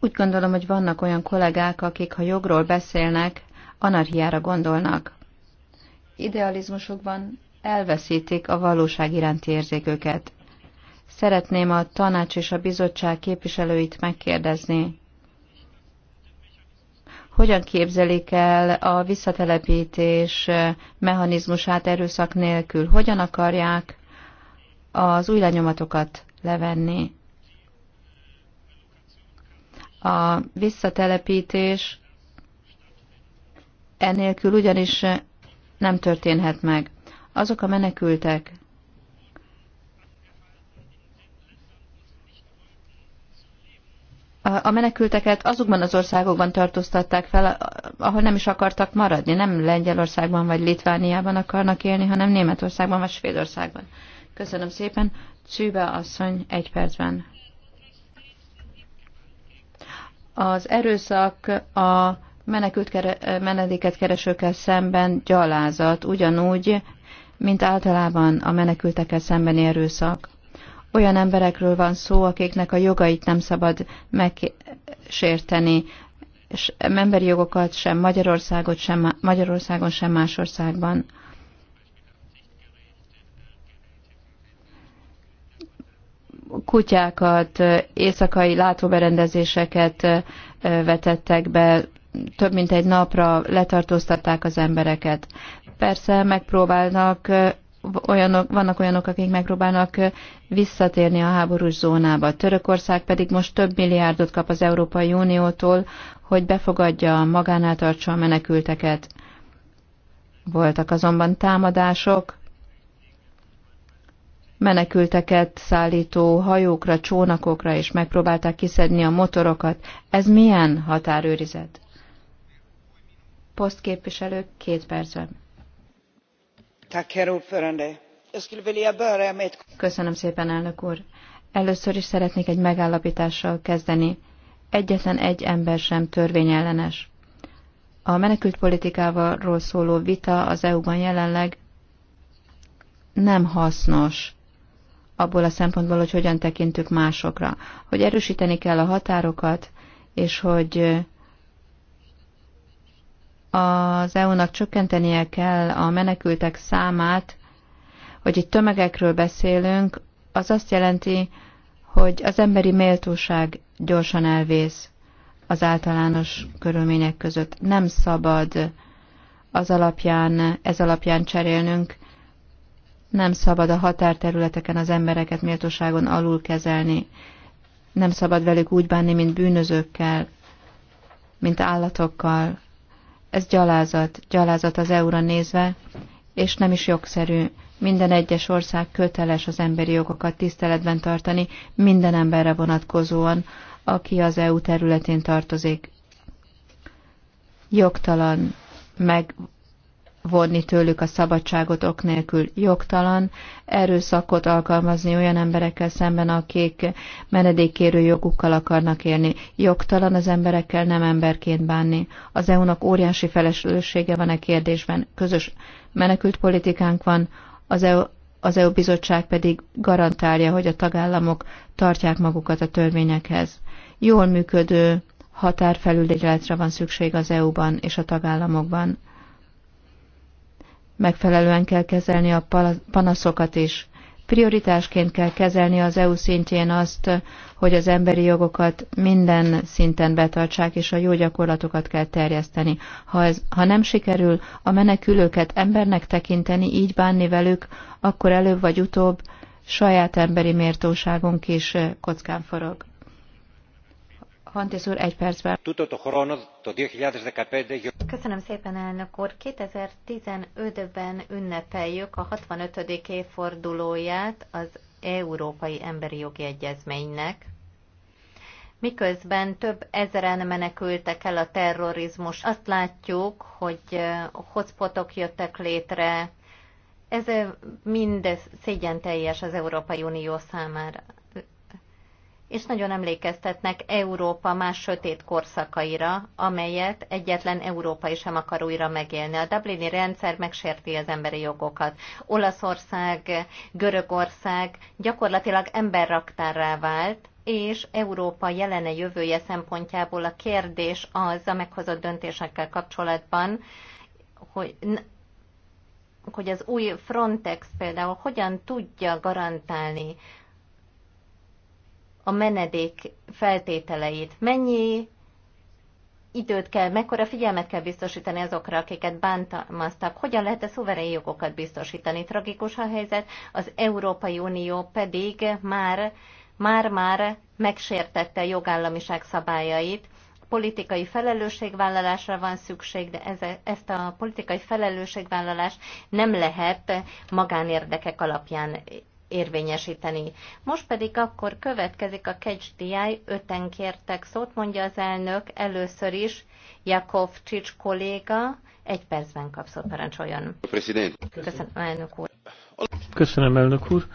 Úgy gondolom, hogy vannak olyan kollégák, akik, ha jogról beszélnek, anarhiára gondolnak. Idealizmusokban elveszítik a valóság iránti érzéküket. Szeretném a tanács és a bizottság képviselőit megkérdezni. Hogyan képzelik el a visszatelepítés mechanizmusát erőszak nélkül? Hogyan akarják az új lenyomatokat levenni? a visszatelepítés enélkül ugyanis nem történhet meg. Azok a menekültek, a menekülteket azokban az országokban tartóztatták fel, ahol nem is akartak maradni. Nem Lengyelországban vagy Litvániában akarnak élni, hanem Németországban vagy Svédországban. Köszönöm szépen. Csűbe asszony egy percben. Az erőszak a menekült kere, menedéket keresőkkel szemben gyalázat, ugyanúgy, mint általában a menekültekkel szembeni erőszak. Olyan emberekről van szó, akiknek a jogait nem szabad megsérteni, és emberi jogokat sem Magyarországot sem, Magyarországon, sem más országban. kutyákat, éjszakai látóberendezéseket vetettek be, több mint egy napra letartóztatták az embereket. Persze megpróbálnak olyanok, vannak olyanok, akik megpróbálnak visszatérni a háborús zónába. Törökország pedig most több milliárdot kap az Európai Uniótól, hogy befogadja, magánál tartsa a menekülteket. Voltak azonban támadások, menekülteket szállító hajókra, csónakokra, és megpróbálták kiszedni a motorokat. Ez milyen határőrizet? Posztképviselő, két percben. Köszönöm szépen, elnök úr. Először is szeretnék egy megállapítással kezdeni. Egyetlen egy ember sem törvényellenes. A menekült politikával szóló vita az EU-ban jelenleg nem hasznos abból a szempontból, hogy hogyan tekintünk másokra. Hogy erősíteni kell a határokat, és hogy az EU-nak csökkentenie kell a menekültek számát, hogy itt tömegekről beszélünk, az azt jelenti, hogy az emberi méltóság gyorsan elvész az általános körülmények között. Nem szabad az alapján, ez alapján cserélnünk nem szabad a határterületeken az embereket méltóságon alul kezelni. Nem szabad velük úgy bánni, mint bűnözőkkel, mint állatokkal. Ez gyalázat, gyalázat az EU-ra nézve, és nem is jogszerű. Minden egyes ország köteles az emberi jogokat tiszteletben tartani minden emberre vonatkozóan, aki az EU területén tartozik. Jogtalan meg vonni tőlük a szabadságot ok nélkül jogtalan, erőszakot alkalmazni olyan emberekkel szemben, akik menedékkérő jogukkal akarnak élni. Jogtalan az emberekkel nem emberként bánni. Az EU-nak óriási felelőssége van a e kérdésben. Közös menekült politikánk van, az EU, az EU bizottság pedig garantálja, hogy a tagállamok tartják magukat a törvényekhez. Jól működő határfelülgyeletre van szükség az EU-ban és a tagállamokban Megfelelően kell kezelni a panaszokat is. Prioritásként kell kezelni az EU szintjén azt, hogy az emberi jogokat minden szinten betartsák, és a jó gyakorlatokat kell terjeszteni. Ha, ez, ha nem sikerül a menekülőket embernek tekinteni, így bánni velük, akkor előbb vagy utóbb saját emberi mértóságunk is kockán forog. Hantész úr, egy percben. Köszönöm szépen, elnök úr. 2015-ben ünnepeljük a 65. évfordulóját az Európai Emberi Jogi Egyezménynek, miközben több ezeren menekültek el a terrorizmus. Azt látjuk, hogy eh, hotspotok jöttek létre, ez eh, mind szégyen teljes az Európai Unió számára és nagyon emlékeztetnek Európa más sötét korszakaira, amelyet egyetlen európai sem akar újra megélni. A Dublini rendszer megsérti az emberi jogokat. Olaszország, Görögország gyakorlatilag emberraktárrá vált, és Európa jelene jövője szempontjából a kérdés az a meghozott döntésekkel kapcsolatban, hogy hogy az új Frontex például hogyan tudja garantálni a menedék feltételeit. Mennyi időt kell, mekkora figyelmet kell biztosítani azokra, akiket bántalmaztak, hogyan lehet a szuverén jogokat biztosítani. Tragikus a helyzet, az Európai Unió pedig már már-már megsértette jogállamiság szabályait. Politikai felelősségvállalásra van szükség, de ez, ezt a politikai felelősségvállalást nem lehet magánérdekek alapján érvényesíteni. Most pedig akkor következik a KCDI, öten kértek szót, mondja az elnök, először is Jakov Csics kolléga, egy percben kap szót, parancsoljon. Köszönöm. Köszönöm, elnök úr. Köszönöm, elnök úr.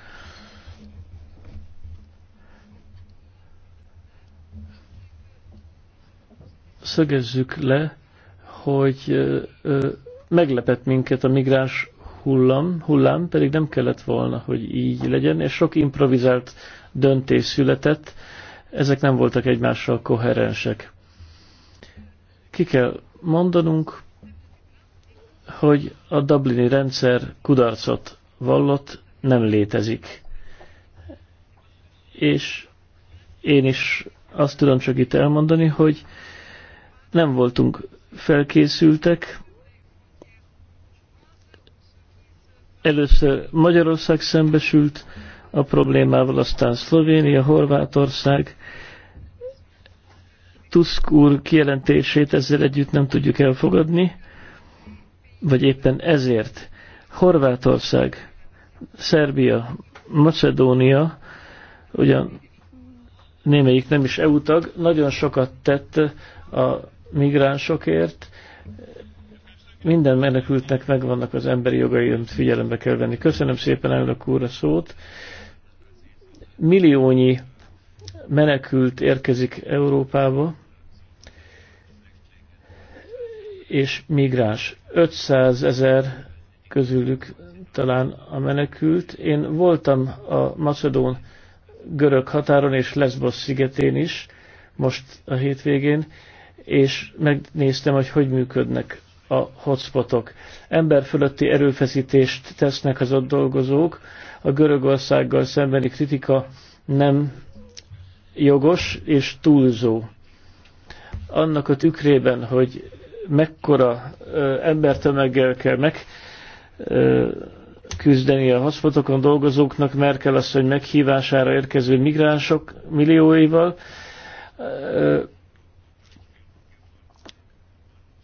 Szögezzük le, hogy meglepett minket a migráns hullam, hullám pedig nem kellett volna, hogy így legyen, és sok improvizált döntés született, ezek nem voltak egymással koherensek. Ki kell mondanunk, hogy a Dublini rendszer kudarcot vallott, nem létezik. És én is azt tudom csak itt elmondani, hogy nem voltunk felkészültek, Először Magyarország szembesült a problémával, aztán Szlovénia, Horvátország. Tusk úr kijelentését ezzel együtt nem tudjuk elfogadni, vagy éppen ezért Horvátország, Szerbia, Macedónia, ugyan némelyik nem is EU tag, nagyon sokat tett a migránsokért, minden menekültnek megvannak az emberi jogai, amit figyelembe kell venni. Köszönöm szépen elnök úr a szót. Milliónyi menekült érkezik Európába, és migráns. 500 ezer közülük talán a menekült. Én voltam a Macedón görög határon és Lesbos szigetén is, most a hétvégén, és megnéztem, hogy hogy működnek a hotspotok. Emberfölötti erőfeszítést tesznek az ott dolgozók, a Görögországgal szembeni kritika nem jogos és túlzó. Annak a tükrében, hogy mekkora ö, embertömeggel kell meg ö, küzdeni a hotspotokon dolgozóknak, Merkel hogy meghívására érkező migránsok millióival, ö,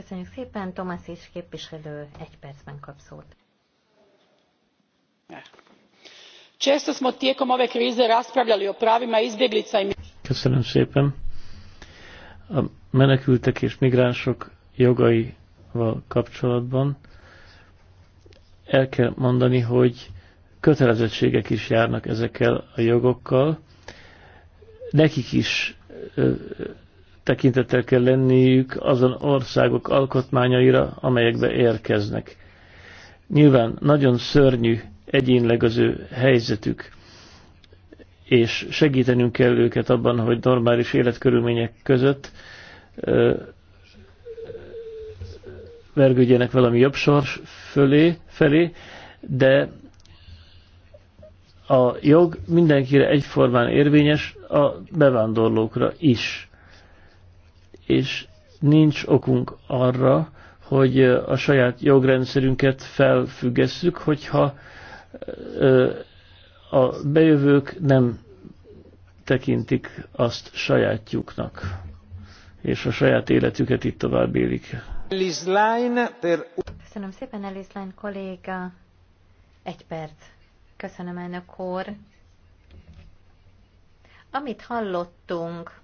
Köszönjük szépen, Tomasz és képviselő egy percben kap szót. Često smo tijekom ove krize raspravljali o pravima izbjeglica i... Köszönöm szépen. A menekültek és migránsok jogaival kapcsolatban el kell mondani, hogy kötelezettségek is járnak ezekkel a jogokkal. Nekik is tekintettel kell lenniük azon országok alkotmányaira, amelyekbe érkeznek. Nyilván nagyon szörnyű egyénleg az ő helyzetük, és segítenünk kell őket abban, hogy normális életkörülmények között ö, vergődjenek valami jobb sors fölé, felé, de a jog mindenkire egyformán érvényes, a bevándorlókra is és nincs okunk arra, hogy a saját jogrendszerünket felfüggesszük, hogyha a bejövők nem tekintik azt sajátjuknak, és a saját életüket itt tovább élik. Köszönöm szépen, Eliszlány kolléga. Egy perc. Köszönöm, elnök úr. Amit hallottunk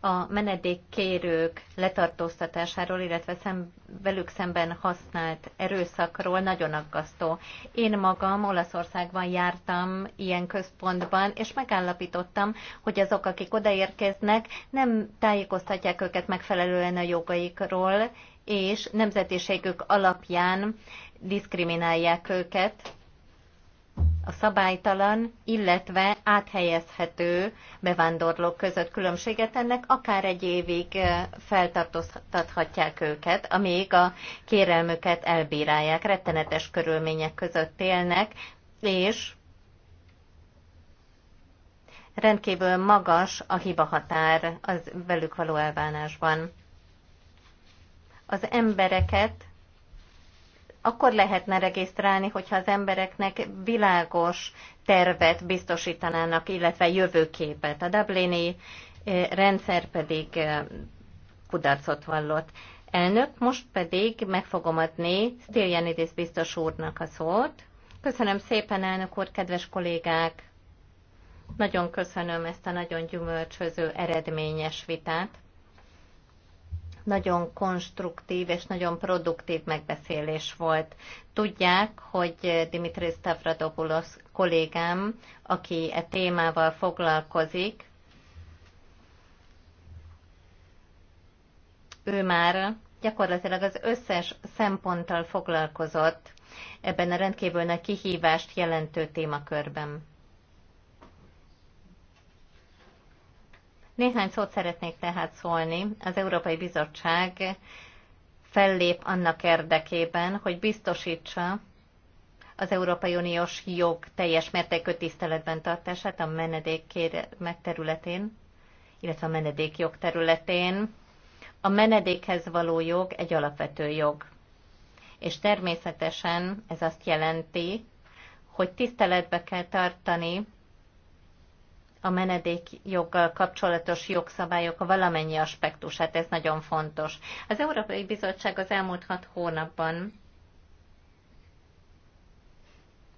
a menedékkérők letartóztatásáról, illetve szem, velük szemben használt erőszakról nagyon aggasztó. Én magam Olaszországban jártam ilyen központban, és megállapítottam, hogy azok, akik odaérkeznek, nem tájékoztatják őket megfelelően a jogaikról, és nemzetiségük alapján diszkriminálják őket, a szabálytalan, illetve áthelyezhető bevándorlók között különbséget ennek, akár egy évig eh, feltartóztathatják őket, amíg a kérelmüket elbírálják, rettenetes körülmények között élnek, és rendkívül magas a hiba határ az velük való elvánásban. Az embereket akkor lehetne regisztrálni, hogyha az embereknek világos tervet biztosítanának, illetve jövőképet. A Dublini eh, rendszer pedig eh, kudarcot vallott. Elnök, most pedig meg fogom adni Stylianidis biztos úrnak a szót. Köszönöm szépen, elnök úr, kedves kollégák! Nagyon köszönöm ezt a nagyon gyümölcsöző, eredményes vitát. Nagyon konstruktív és nagyon produktív megbeszélés volt. Tudják, hogy Dimitris Stavradopoulos kollégám, aki e témával foglalkozik, ő már gyakorlatilag az összes szemponttal foglalkozott ebben a rendkívül nagy kihívást jelentő témakörben. Néhány szót szeretnék tehát szólni. Az Európai Bizottság fellép annak érdekében, hogy biztosítsa az Európai Uniós jog teljes mértékű tiszteletben tartását a menedék megterületén, illetve a menedékjog területén. A menedékhez való jog egy alapvető jog. És természetesen ez azt jelenti, hogy tiszteletbe kell tartani a menedékjoggal kapcsolatos jogszabályok valamennyi aspektusát, ez nagyon fontos. Az Európai Bizottság az elmúlt hat hónapban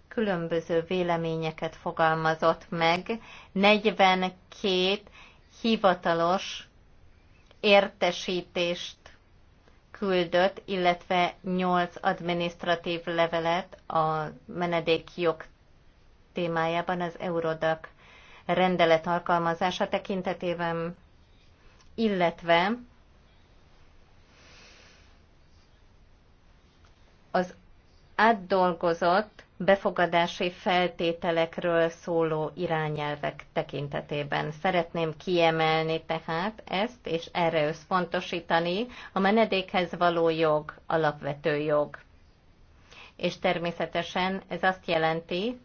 különböző véleményeket fogalmazott meg, 42 hivatalos értesítést küldött, illetve 8 adminisztratív levelet a menedékjog témájában az Eurodac rendelet alkalmazása tekintetében, illetve az átdolgozott befogadási feltételekről szóló irányelvek tekintetében. Szeretném kiemelni tehát ezt, és erre összpontosítani a menedékhez való jog, alapvető jog. És természetesen ez azt jelenti,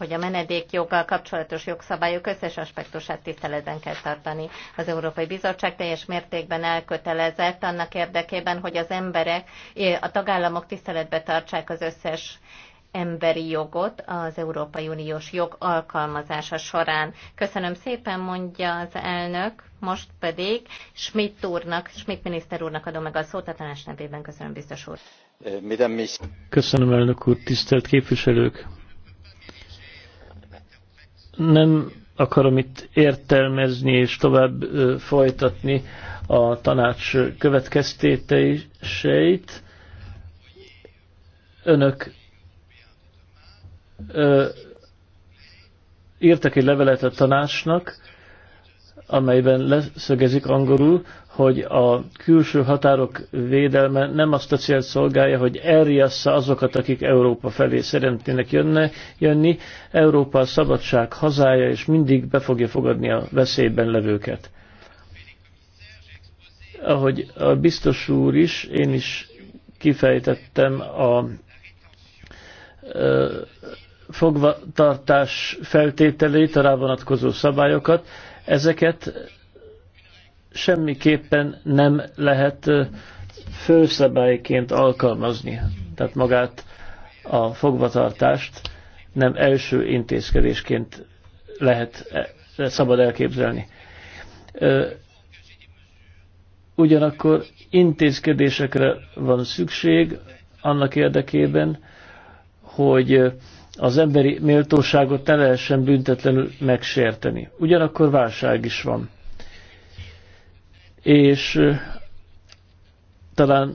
hogy a menedékjoggal kapcsolatos jogszabályok összes aspektusát tiszteletben kell tartani. Az Európai Bizottság teljes mértékben elkötelezett annak érdekében, hogy az emberek, a tagállamok tiszteletbe tartsák az összes emberi jogot az Európai Uniós jog alkalmazása során. Köszönöm szépen, mondja az elnök, most pedig Schmidt úrnak, Schmidt miniszter úrnak adom meg a szót, a tanács nevében köszönöm biztos úr. Köszönöm elnök úr, tisztelt képviselők! nem akarom itt értelmezni és tovább folytatni a tanács következtéteiseit. Önök ö, írtak egy levelet a tanácsnak, amelyben leszögezik angolul, hogy a külső határok védelme nem azt a célt szolgálja, hogy elriassza azokat, akik Európa felé szeretnének jönne, jönni. Európa a szabadság hazája, és mindig be fogja fogadni a veszélyben levőket. Ahogy a biztos úr is, én is kifejtettem a fogvatartás feltételét, a rá vonatkozó szabályokat, Ezeket semmiképpen nem lehet főszabályként alkalmazni. Tehát magát a fogvatartást nem első intézkedésként lehet e, e, szabad elképzelni. Ugyanakkor intézkedésekre van szükség annak érdekében, hogy az emberi méltóságot ne lehessen büntetlenül megsérteni. Ugyanakkor válság is van. És talán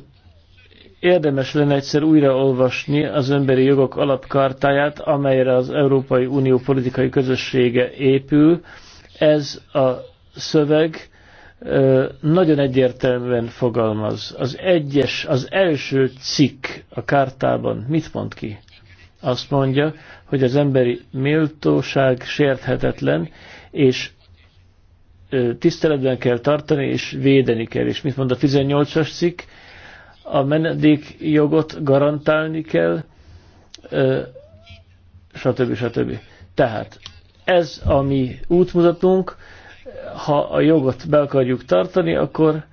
érdemes lenne egyszer újraolvasni az emberi jogok alapkartáját, amelyre az Európai Unió politikai közössége épül. Ez a szöveg nagyon egyértelműen fogalmaz. Az egyes, az első cikk a kártában mit mond ki? azt mondja, hogy az emberi méltóság sérthetetlen, és tiszteletben kell tartani, és védeni kell. És mit mond a 18-as cikk? A menedékjogot garantálni kell, stb. stb. Tehát ez a mi útmutatunk, ha a jogot be akarjuk tartani, akkor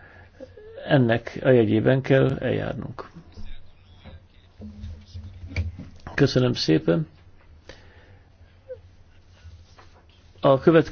ennek a jegyében kell eljárnunk. Köszönöm szépen. A következő